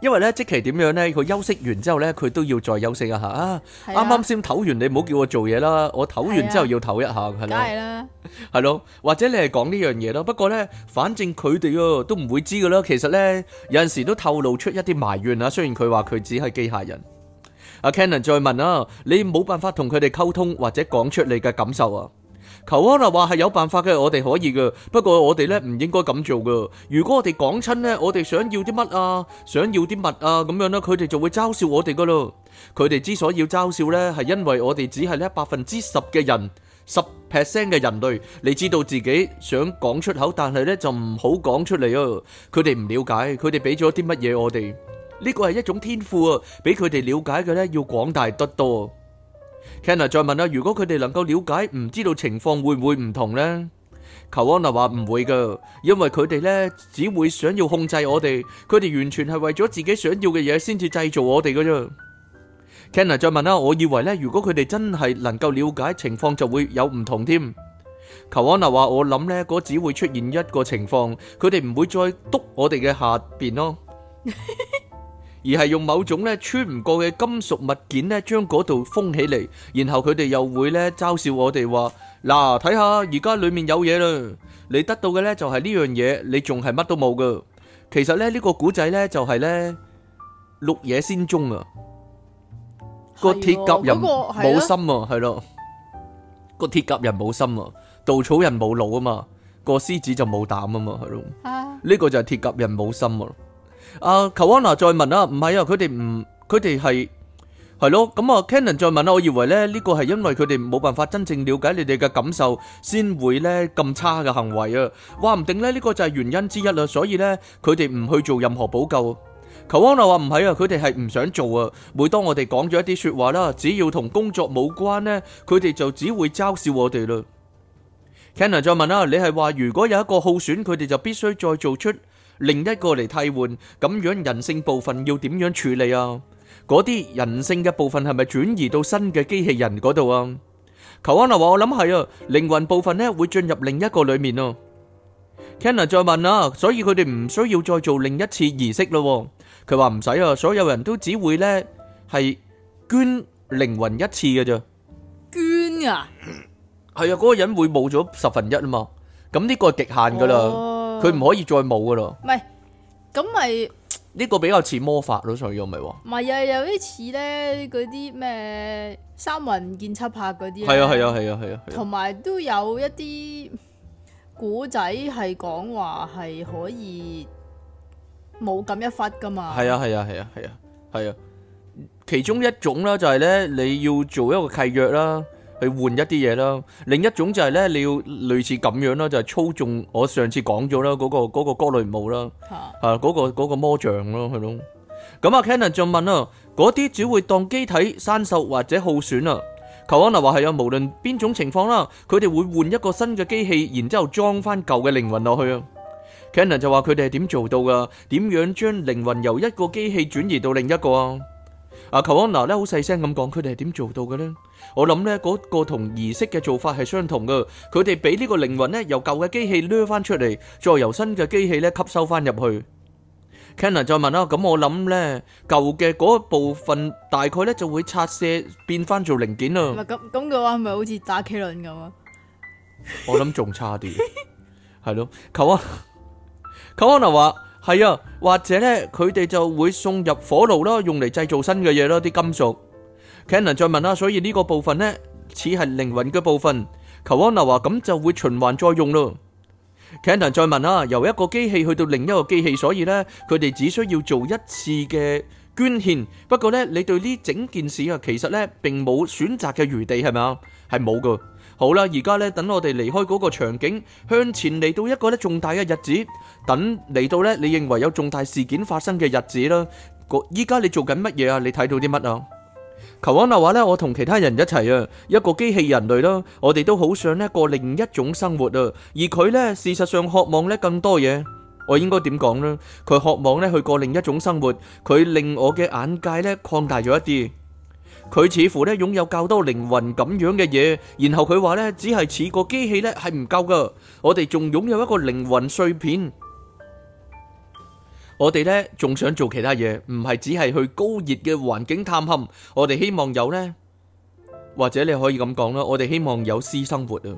因為咧，即期點樣咧，佢休息完之後咧，佢都要再休息一下啊！啱啱先唞完，你唔好叫我做嘢啦，我唞完之後要唞一下嘅。梗係啦，係咯，或者你係講呢樣嘢咯。不過咧，反正佢哋啊都唔會知噶啦。其實咧，有陣時都透露出一啲埋怨啊。雖然佢話佢只係機械人，阿 Cannon 再問啊，你冇辦法同佢哋溝通或者講出你嘅感受啊。求安娜，話係有辦法嘅，我哋可以噶。不過我哋咧唔應該咁做噶。如果我哋講親咧，我哋想要啲乜啊，想要啲乜啊，咁樣咧，佢哋就會嘲笑我哋噶咯。佢哋之所以嘲笑咧，係因為我哋只係咧百分之十嘅人，十 percent 嘅人類，你知道自己想講出口，但係咧就唔好講出嚟啊。佢哋唔了解，佢哋俾咗啲乜嘢我哋？呢個係一種天賦啊，俾佢哋了解嘅咧，要廣大得多。Kenna 再問啦，如果佢哋能夠了解，唔知道情況會唔會唔同呢？求安娜話唔會噶，因為佢哋呢，只會想要控制我哋，佢哋完全係為咗自己想要嘅嘢先至製造我哋噶啫。Kenna 再問啦，我以為呢，如果佢哋真係能夠了解情況，就會有唔同添。求安娜話我諗呢，嗰只會出現一個情況，佢哋唔會再督我哋嘅下邊咯。 <laughs> 而係用某種咧穿唔過嘅金屬物件咧，將嗰度封起嚟，然後佢哋又會咧嘲笑我哋話：嗱，睇下而家裏面有嘢啦，你得到嘅咧就係呢樣嘢，你仲係乜都冇噶。其實咧呢個古仔咧就係咧綠野仙蹤啊，個鐵甲人冇心啊，係咯，個鐵甲人冇心啊，稻草人冇腦啊嘛，個獅子就冇膽啊嘛，係咯，呢個就係鐵甲人冇心啊。阿裘安娜再問啊，唔係啊，佢哋唔，佢哋係係咯，咁啊，Cannon 再問啦，我以為咧呢個係因為佢哋冇辦法真正瞭解你哋嘅感受，先會咧咁差嘅行為啊，話唔定咧呢個就係原因之一啦，所以咧佢哋唔去做任何補救。裘安娜話唔係啊，佢哋係唔想做啊，每當我哋講咗一啲説話啦，只要同工作冇關咧，佢哋就只會嘲笑我哋啦。Cannon 再問啦，你係話如果有一個耗損，佢哋就必須再做出另一個嚟替換，咁樣人性部分要點樣處理啊？嗰啲人性嘅部分係咪轉移到新嘅機器人嗰度啊？求安娜話我諗係啊，靈魂部分咧會進入另一個裏面啊。Kenna 再問啊，所以佢哋唔需要再做另一次儀式咯。佢話唔使啊，所有人都只會咧係捐靈魂一次嘅咋。捐啊？係啊，嗰個人會冇咗十分一啊嘛。咁呢個係極限噶啦。佢唔可以再冇噶咯，唔係，就是，咁咪呢個比較似魔法咯，所以我咪喎。唔係啊，有啲似咧嗰啲咩三魂見七魄嗰啲。係啊，係啊，係啊，係啊。同埋都有一啲古仔係講話係可以冇咁一忽噶嘛。係啊，係啊，係啊，係啊，係啊。其中一種啦，就係咧，你要做一個契約啦。去換一啲嘢啦，另一種就係咧，你要類似咁樣啦，就係操縱我上次講咗啦，嗰個嗰個哥雷姆啦，嚇，嗰個嗰個魔像咯，係咯。咁啊，Cannon 就問啊，嗰啲只會當機體生壽或者耗損啊。求安娜就話係啊，無論邊種情況啦，佢哋會換一個新嘅機器，然之後裝翻舊嘅靈魂落去啊。Cannon 就話佢哋係點做到㗎？點樣將靈魂由一個機器轉移到另一個啊？啊，寇安娜咧好細聲咁講，佢哋係點做到嘅咧？我諗咧嗰個同儀式嘅做法係相同嘅，佢哋俾呢個靈魂咧由舊嘅機器擰翻出嚟，再由新嘅機器咧吸收翻入去。Canna 再問啦，咁我諗咧舊嘅嗰部分大概咧就會拆卸變翻做零件啊。唔係咁咁嘅話，係咪好似打 K 輪咁啊？我諗仲差啲，係咯，寇啊，寇安娜話。係啊，或者咧，佢哋就會送入火爐咯，用嚟製造新嘅嘢咯，啲金屬。Cannon 再問啦，所以呢個部分咧似係靈魂嘅部分。求安那話咁就會循環再用咯。Cannon 再問啦，由一個機器去到另一個機器，所以咧佢哋只需要做一次嘅捐獻。不過咧，你對呢整件事啊，其實咧並冇選擇嘅餘地，係咪啊？係冇㗎。好啦，而家咧等我哋離開嗰個場景，向前嚟，到一個咧重大嘅日子，等嚟到咧你認為有重大事件發生嘅日子啦。個依家，你做緊乜嘢啊？你睇到啲乜啊？求安嘅話咧，我同其他人一齊啊，一個機器人類啦，我哋都好想咧過另一種生活啊。而佢咧事實上渴望咧更多嘢，我應該點講咧？佢渴望咧去過另一種生活，佢令我嘅眼界咧擴大咗一啲。佢似乎咧擁有較多靈魂咁樣嘅嘢，然後佢話咧只係似個機器咧係唔夠噶，我哋仲擁有一個靈魂碎片，我哋咧仲想做其他嘢，唔係只係去高熱嘅環境探勘，我哋希望有咧，或者你可以咁講啦，我哋希望有私生活啊。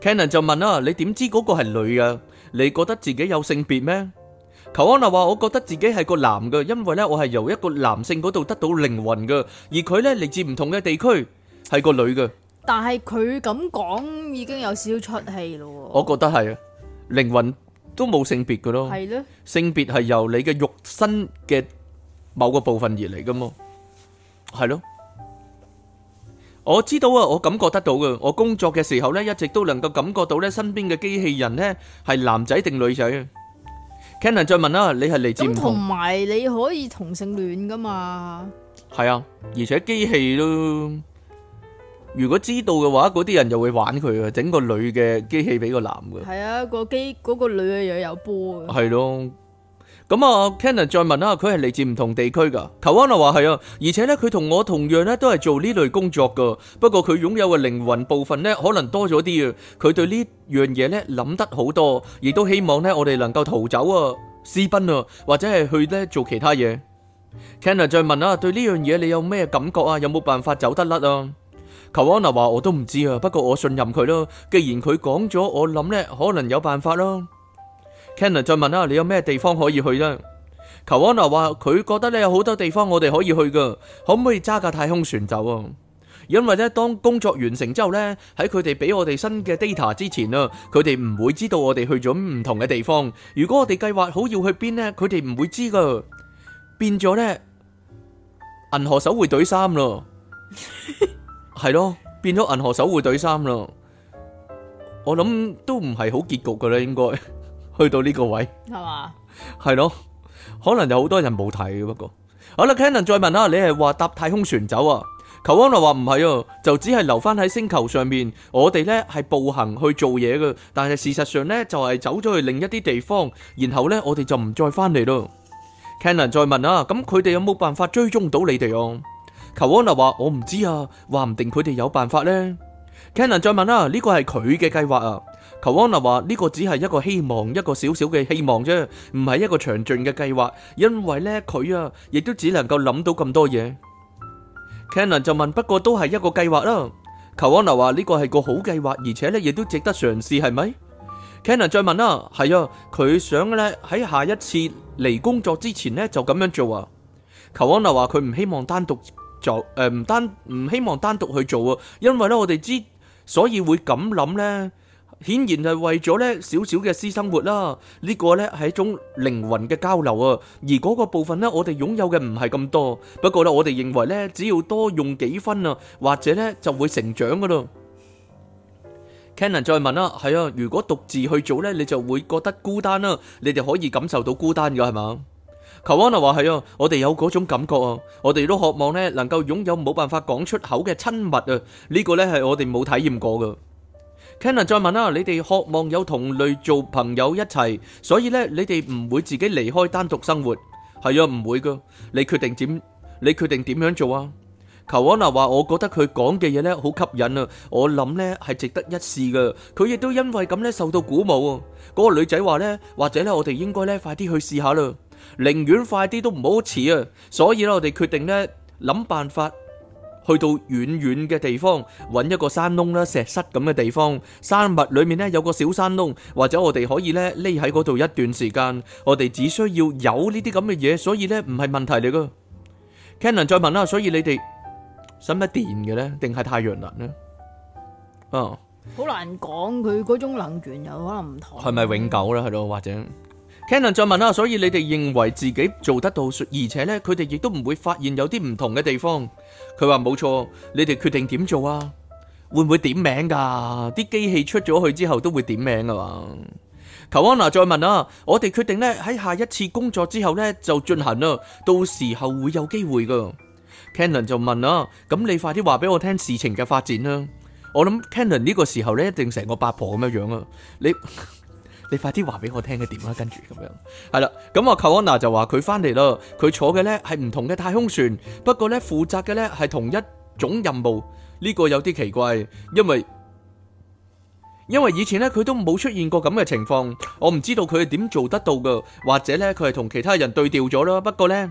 Cannon 就問啦，你點知嗰個係女噶？你覺得自己有性別咩？求安娜話：我覺得自己係個男嘅，因為咧我係由一個男性嗰度得到靈魂嘅，而佢咧嚟自唔同嘅地區，係個女嘅。但係佢咁講已經有少少出戲咯。我覺得係啊，靈魂都冇性別嘅咯。係咯，性別係由你嘅肉身嘅某個部分而嚟嘅嘛。係咯，我知道啊，我感覺得到嘅。我工作嘅時候咧，一直都能夠感覺到咧，身邊嘅機器人咧係男仔定女仔啊。Ken，再問啦，你係嚟接唔同埋你可以同性戀噶嘛？係啊，而且機器都，如果知道嘅話，嗰啲人又會玩佢啊，整個女嘅機器俾個男嘅。係啊，個機嗰個女嘅又有波嘅。係咯、啊。咁啊，Cannon 再問啦，佢係嚟自唔同地區㗎。求安娜話係啊，而且咧，佢同我同樣咧都係做呢類工作㗎。不過佢擁有嘅靈魂部分咧，可能多咗啲啊。佢對呢樣嘢咧諗得好多，亦都希望咧我哋能夠逃走啊、私奔啊，或者係去咧做其他嘢。Cannon 再問啊，對呢樣嘢你有咩感覺啊？有冇辦法走得甩啊？求安娜話我都唔知啊，不過我信任佢咯。既然佢講咗，我諗咧可能有辦法咯。喺佢哋俾我哋新嘅 data 之前啊，佢哋唔會知道我哋去咗唔同嘅地方。如果我哋計劃好要去邊咧，佢哋唔會知噶變咗咧，銀河守護隊三咯，係咯，變咗銀河守護隊三咯。我諗都唔係好結局噶啦，應該。去到呢個位係嘛？係咯，可能有好多人冇睇嘅。不過好啦，Cannon 再問啊，你係話搭太空船走啊？求安娜話唔係，就只係留翻喺星球上面。我哋呢係步行去做嘢嘅，但係事實上呢就係走咗去另一啲地方，然後呢我哋就唔再翻嚟咯。Cannon 再問啊，咁佢哋有冇辦法追蹤到你哋啊？求安娜話我唔知啊，話唔定佢哋有辦法呢。Cannon 再問啊，呢個係佢嘅計劃啊。求安娜話：呢個只係一個希望，一個小小嘅希望啫，唔係一個詳盡嘅計劃。因為呢，佢啊，亦都只能夠諗到咁多嘢。Cannon 就問：不過都係一個計劃啦。求安娜話：呢個係個好計劃，而且呢亦都值得嘗試，係咪？Cannon 再問啦：係啊，佢想呢喺下一次嚟工作之前呢就咁樣做啊。求安娜話：佢唔希望單獨做，唔、呃、單唔希望單獨去做啊，因為呢，我哋知所以會咁諗呢。顯然係為咗咧少少嘅私生活啦，呢個咧係一種靈魂嘅交流啊！而嗰個部分咧，我哋擁有嘅唔係咁多，不過咧，我哋認為咧，只要多用幾分啊，或者咧就會成長噶咯。Cannon 再問啦，係啊，如果獨自去做咧，你就會覺得孤單啊！你哋可以感受到孤單噶係嘛？求安啊話，係啊，我哋有嗰種感覺啊，我哋都渴望咧能夠擁有冇辦法講出口嘅親密啊！呢個咧係我哋冇體驗過噶。Kenan，再問啊，你哋渴望有同類做朋友一齊，所以咧你哋唔會自己離開單獨生活，係啊，唔會㗎。你決定點？你決定點樣做啊？求安娜話：我覺得佢講嘅嘢咧好吸引啊，我諗咧係值得一試㗎。佢亦都因為咁咧受到鼓舞啊。嗰個女仔話咧，或者咧我哋應該咧快啲去試下啦，寧願快啲都唔好遲啊。所以咧我哋決定咧諗辦法。去到遠遠嘅地方，揾一個山窿啦、石室咁嘅地方，山脈裏面咧有個小山窿，或者我哋可以咧匿喺嗰度一段時間。我哋只需要有呢啲咁嘅嘢，所以咧唔係問題嚟噶。Cannon 再問啦，所以你哋使乜電嘅咧，定係太陽能咧？啊，好難講，佢嗰種能源有可能唔同。係咪永久咧？係咯，或者 Cannon 再問啦，所以你哋認為自己做得到，而且咧佢哋亦都唔會發現有啲唔同嘅地方。佢話冇錯，你哋決定點做啊？會唔會點名㗎？啲機器出咗去之後都會點名㗎嘛？求安娜，再問啊。我哋決定咧喺下一次工作之後咧就進行啦，到時候會有機會噶。Cannon 就問啦，咁你快啲話俾我聽事情嘅發展啦。我諗 Cannon 呢個時候咧一定成個八婆咁樣樣啦，你。你快啲話俾我聽嘅點啦，跟住咁樣係啦。咁阿寇安娜就話佢翻嚟啦，佢坐嘅咧係唔同嘅太空船，不過咧負責嘅咧係同一種任務，呢個有啲奇怪，因為因為以前咧佢都冇出現過咁嘅情況，我唔知道佢係點做得到噶，或者咧佢係同其他人對調咗啦。不過咧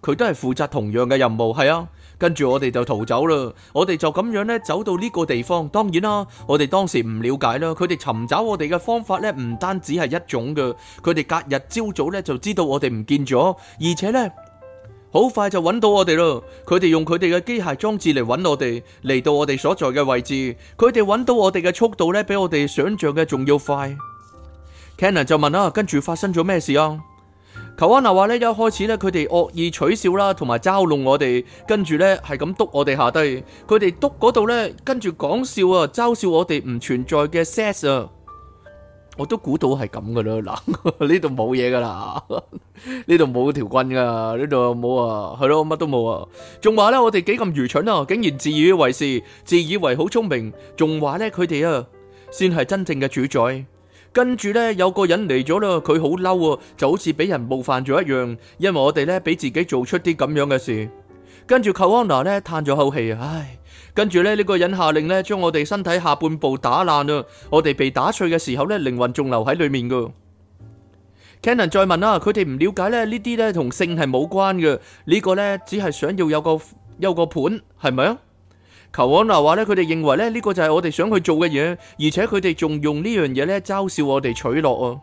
佢都係負責同樣嘅任務，係啊。跟住我哋就逃走啦！我哋就咁樣咧走到呢個地方，當然啦，我哋當時唔了解啦。佢哋尋找我哋嘅方法咧唔單止係一種嘅，佢哋隔日朝早咧就知道我哋唔見咗，而且咧好快就揾到我哋啦。佢哋用佢哋嘅機械裝置嚟揾我哋，嚟到我哋所在嘅位置，佢哋揾到我哋嘅速度咧，比我哋想象嘅仲要快。Cannon 就問啦，跟住發生咗咩事啊？求安娜話咧，一開始咧佢哋惡意取笑啦，同埋嘲弄我哋，跟住咧係咁督我哋下低，佢哋督嗰度咧，跟住講笑啊，嘲笑我哋唔存在嘅 sex 啊，我都估到係咁噶啦，嗱，呢度冇嘢噶啦，呢度冇條棍噶，呢度冇啊，係咯，乜都冇啊，仲話咧我哋幾咁愚蠢啊，竟然自以為是，自以為好聰明，仲話咧佢哋啊，先係真正嘅主宰。跟住咧有個人嚟咗咯，佢好嬲啊，就好似俾人冒犯咗一樣，因為我哋咧俾自己做出啲咁樣嘅事。跟住寇安娜咧，嘆咗口氣啊，唉。跟住咧呢個人下令咧，將我哋身體下半部打爛啊！我哋被打碎嘅時候咧，靈魂仲留喺裡面噶。Cannon 再問啊，佢哋唔了解咧呢啲咧同性係冇關嘅，呢個咧只係想要有個有個盤，係咪啊？求安娜話咧，佢哋認為咧，呢個就係我哋想去做嘅嘢，而且佢哋仲用呢樣嘢咧嘲笑我哋取樂啊。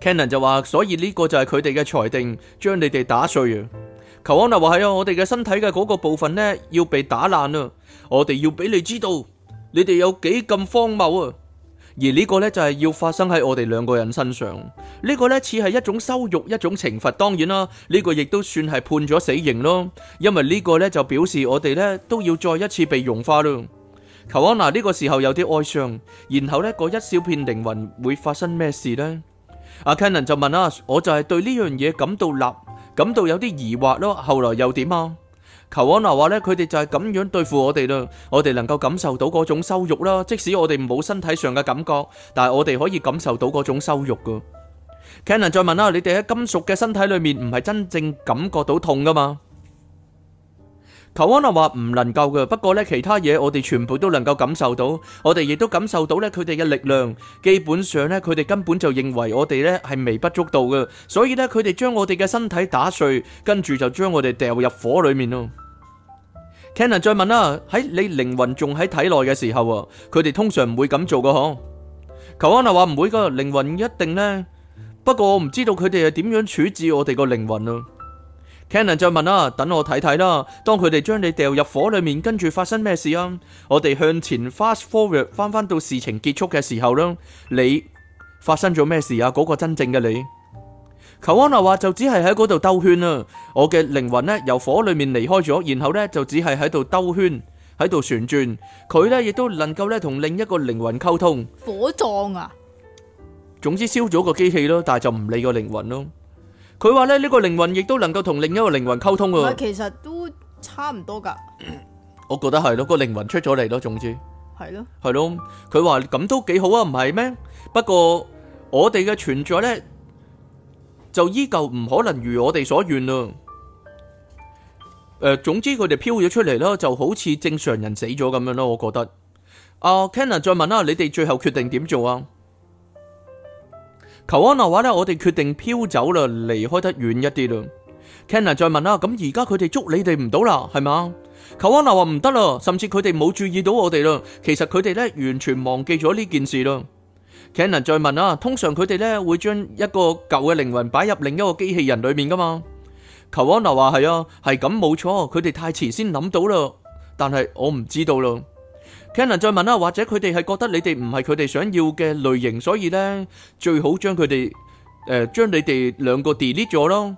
Canon 就話，所以呢個就係佢哋嘅裁定，將你哋打碎啊！求安娜話係啊，我哋嘅身體嘅嗰個部分咧，要被打爛啊！我哋要俾你知道你，你哋有幾咁荒謬啊！而呢個呢，就係要發生喺我哋兩個人身上，呢個呢，似係一種羞辱、一種懲罰。當然啦，呢個亦都算係判咗死刑咯，因為呢個呢，就表示我哋呢，都要再一次被融化咯。求安娜呢個時候有啲哀傷，然後呢，嗰一小片靈魂會發生咩事呢？阿 Cannon 就問啦，我就係對呢樣嘢感到納，感到有啲疑惑咯。後來又點啊？求安娜話咧，佢哋就係咁樣對付我哋啦，我哋能夠感受到嗰種羞辱啦，即使我哋冇身體上嘅感覺，但係我哋可以感受到嗰種羞辱噶。Cannon 再問啦，你哋喺金屬嘅身體裏面唔係真正感覺到痛噶嘛？求安娜話唔能夠嘅，不過咧其他嘢我哋全部都能夠感受到，我哋亦都感受到咧佢哋嘅力量。基本上咧，佢哋根本就認為我哋咧係微不足道嘅，所以咧佢哋將我哋嘅身體打碎，跟住就將我哋掉入火裡面咯。Cannon，再問啦，喺你靈魂仲喺體內嘅時候啊，佢哋通常唔會咁做㗎，嗬？求安娜話唔會㗎，靈魂一定咧。不過唔知道佢哋係點樣處置我哋個靈魂咯。Canon 再問啦，等我睇睇啦。當佢哋將你掉入火裏面，跟住發生咩事啊？我哋向前 fast forward 翻翻到事情結束嘅時候啦。你發生咗咩事啊？嗰個真正嘅你，裘安娜話就只係喺嗰度兜圈啊。我嘅靈魂呢，由火裏面離開咗，然後呢，就只係喺度兜圈，喺度旋轉。佢呢，亦都能夠呢同另一個靈魂溝通。火葬啊！總之燒咗個機器咯，但係就唔理個靈魂咯。佢話咧，呢個靈魂亦都能夠同另一個靈魂溝通啊！唔係，其實都差唔多噶。我覺得係咯，個靈魂出咗嚟咯。總之係咯，係咯。佢話咁都幾好啊，唔係咩？不過我哋嘅存在呢，就依舊唔可能如我哋所願咯。誒，總之佢哋飄咗出嚟咧，就好似正常人死咗咁樣咯。我覺得阿 Cannon 再問啦，你哋最後決定點做啊？求安娜話咧，我哋決定飄走啦，離開得遠一啲啦。Kenner 再問啦，咁而家佢哋捉你哋唔到啦，係咪？求安娜話唔得啦，甚至佢哋冇注意到我哋啦。其實佢哋咧完全忘記咗呢件事啦。Kenner 再問啦，通常佢哋咧會將一個舊嘅靈魂擺入另一個機器人裏面噶嘛？求安娜話係啊，係咁冇錯，佢哋太遲先諗到啦。但係我唔知道啦。Kenan 再問啦，或者佢哋係覺得你哋唔係佢哋想要嘅類型，所以咧最好將佢哋誒，將你哋兩個 delete 咗咯。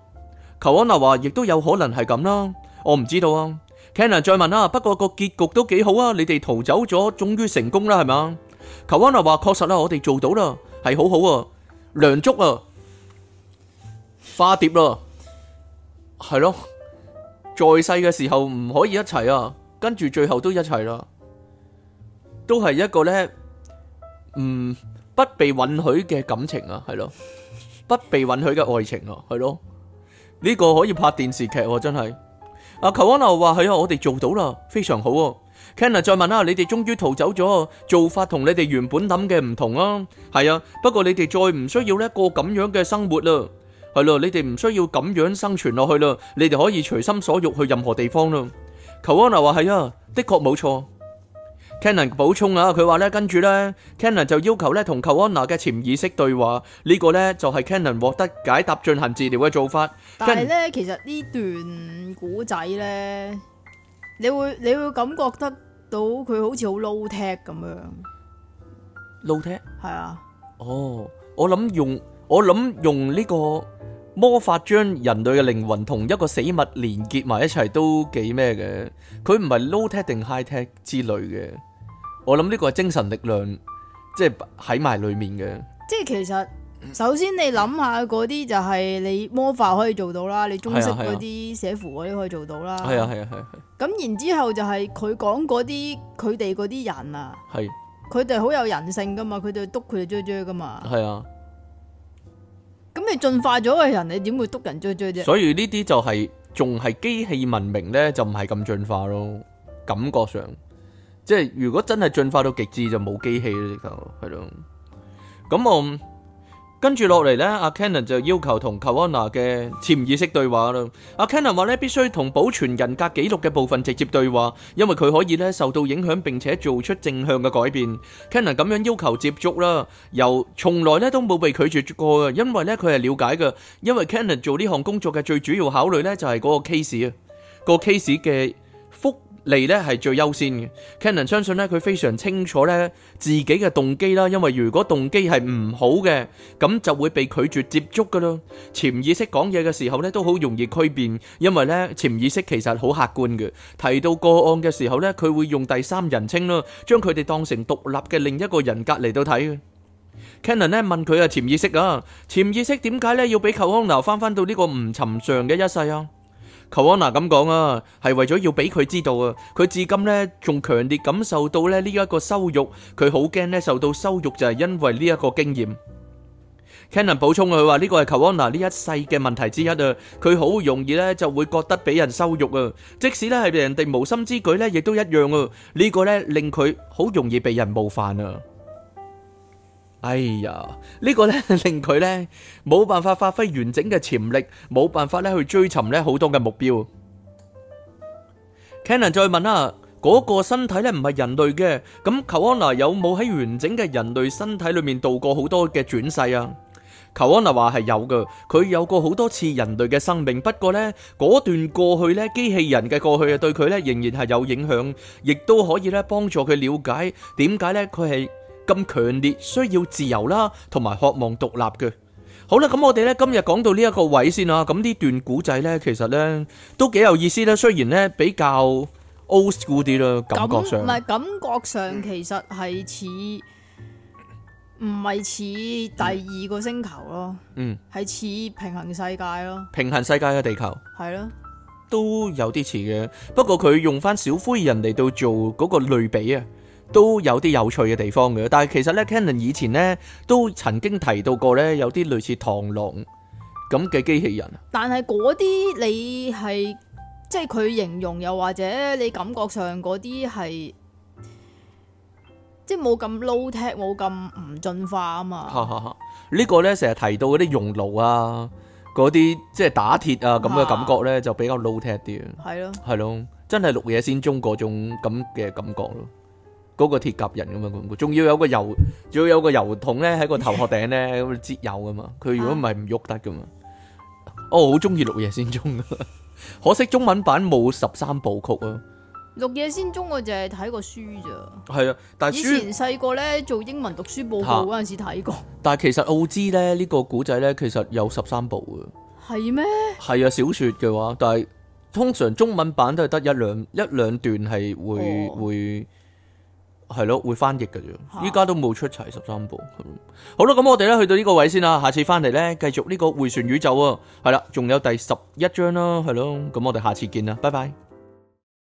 裘安娜話亦都有可能係咁啦，我唔知道啊。Kenan 再問啦，不過個結局都幾好啊，你哋逃走咗，終於成功啦，係咪啊？裘安娜話確實啦，我哋做到啦，係好好啊，梁祝啊，化蝶咯，係咯，在世嘅時候唔可以一齊啊，跟住最後都一齊啦。都係一個呢，唔，不被允許嘅感情啊，係咯，不被允許嘅愛情啊，係咯，呢個可以拍電視劇喎，真係。阿裘安娜話：係啊，我哋做到啦，非常好啊。Kenna 再問啦，你哋終於逃走咗，做法同你哋原本諗嘅唔同啊，係啊，不過你哋再唔需要呢個咁樣嘅生活啦，係咯，你哋唔需要咁樣生存落去啦，你哋可以隨心所欲去任何地方啦。裘安娜話：係啊，的確冇錯。Cannon 補充啊，佢話咧，跟住咧，Cannon 就要求咧，同寇安娜嘅潛意識對話，這個、呢個咧就係、是、Cannon 獲得解答進行治療嘅做法。但係咧，其實這段呢段古仔咧，你會你會感覺得到佢好似好 low tech 咁樣，low tech 係啊。哦，我諗用我諗用呢個魔法將人類嘅靈魂同一個死物連結埋一齊都幾咩嘅？佢唔係 low tech 定 high tech 之類嘅。我諗呢個係精神力量，即係喺埋裏面嘅。即係其實，首先你諗下嗰啲就係你魔法可以做到啦，你中式嗰啲寫符啲可以做到啦。係啊係啊係係。咁、啊啊啊、然之後就係佢講嗰啲，佢哋嗰啲人啊，係佢哋好有人性噶嘛，佢哋督佢哋追追噶嘛。係啊。咁你進化咗嘅人，你點會督人追追啫？所以呢啲就係仲係機器文明咧，就唔係咁進化咯，感覺上。即係如果真係進化到極致就冇機器啦，呢個係咯。咁我跟住落嚟呢，阿 Kennan 就要求同寇安娜嘅潛意識對話啦。阿 Kennan 話呢必須同保存人格記錄嘅部分直接對話，因為佢可以呢受到影響並且做出正向嘅改變。Kennan 咁樣要求接觸啦，又從來呢都冇被拒絕過嘅，因為呢佢係瞭解嘅，因為 Kennan 做呢項工作嘅最主要考慮呢就係嗰個 case 啊，個 case 嘅。嚟咧係最優先嘅。Cannon 相信咧，佢非常清楚咧自己嘅動機啦，因為如果動機係唔好嘅，咁就會被拒絕接觸噶咯。潛意識講嘢嘅時候咧，都好容易區別，因為咧潛意識其實好客觀嘅。提到個案嘅時候咧，佢會用第三人稱咯，將佢哋當成獨立嘅另一個人格嚟到睇嘅。Cannon 咧問佢啊，潛意識啊，潛意識點解咧要俾寇康娜返返到呢個唔尋常嘅一世啊？寇安娜咁講啊，係為咗要俾佢知道啊，佢至今咧仲強烈感受到咧呢一個羞辱，佢好驚咧受到羞辱就係因為呢一個經驗。Cannon 補充佢話：呢個係寇安娜呢一世嘅問題之一啊，佢好容易咧就會覺得俾人羞辱啊，即使咧係人哋無心之舉咧，亦都一樣啊，呢個咧令佢好容易被人冒犯啊。哎呀，呢個呢令佢呢冇辦法發揮完整嘅潛力，冇辦法呢去追尋呢好多嘅目標。Cannon 再問啊，嗰個身體呢唔係人類嘅，咁求安娜有冇喺完整嘅人類身體裏面度過好多嘅轉世啊？求安娜話係有噶，佢有過好多次人類嘅生命，不過呢嗰段過去呢，機器人嘅過去啊，對佢呢仍然係有影響，亦都可以呢幫助佢了解點解呢佢係。咁強烈需要自由啦，同埋渴望獨立嘅。好啦，咁我哋咧今日講到呢一個位先啦。咁呢段古仔咧，其實咧都幾有意思咧。雖然咧比較 old school 啲咯，感覺上唔係，感覺上其實係，似唔係似第二個星球咯。嗯，係似平行世界咯。平行世界嘅地球係咯，都有啲似嘅。不過佢用翻小灰人嚟到做嗰個類比啊。都有啲有趣嘅地方嘅，但係其實咧 Canon 以前咧都曾經提到過咧，有啲類似螳螂咁嘅機器人。但係嗰啲你係即係佢形容，又或者你感覺上嗰啲係即係冇咁 low tech，冇咁唔進化啊嘛。 <laughs> 這個呢個咧成日提到嗰啲熔爐啊，嗰啲即係打鐵啊咁嘅感覺咧，就比較 low tech 啲啊。係咯，係咯，真係綠野仙蹤嗰種咁嘅感覺咯。嗰、個鐵甲人咁啊，仲要有個油，仲要有個油桶咧喺個頭殼頂咧，咁 <laughs> 嚟擠油噶嘛。佢如果唔係唔喐得噶嘛。哦，好中意《綠野仙蹤》啊，oh, <laughs> 可惜中文版冇十三部曲啊。《綠野仙蹤》我就係睇過書咋。係啊，但係以前細個咧做英文讀書報告嗰陣時睇過。啊、但係其實奧茲咧呢、個古仔咧，其實有十三部嘅。係咩？係啊，小説嘅話，但係通常中文版都係得一兩一兩段係會會。哦會係咯，會翻譯噶啫，依家都冇出齊十三部。係咯，好啦，咁我哋咧去到呢個位先啦，下次翻嚟咧繼續呢個回旋宇宙啊，係啦，仲有第十一章啦，係咯，咁我哋下次見啦，拜拜。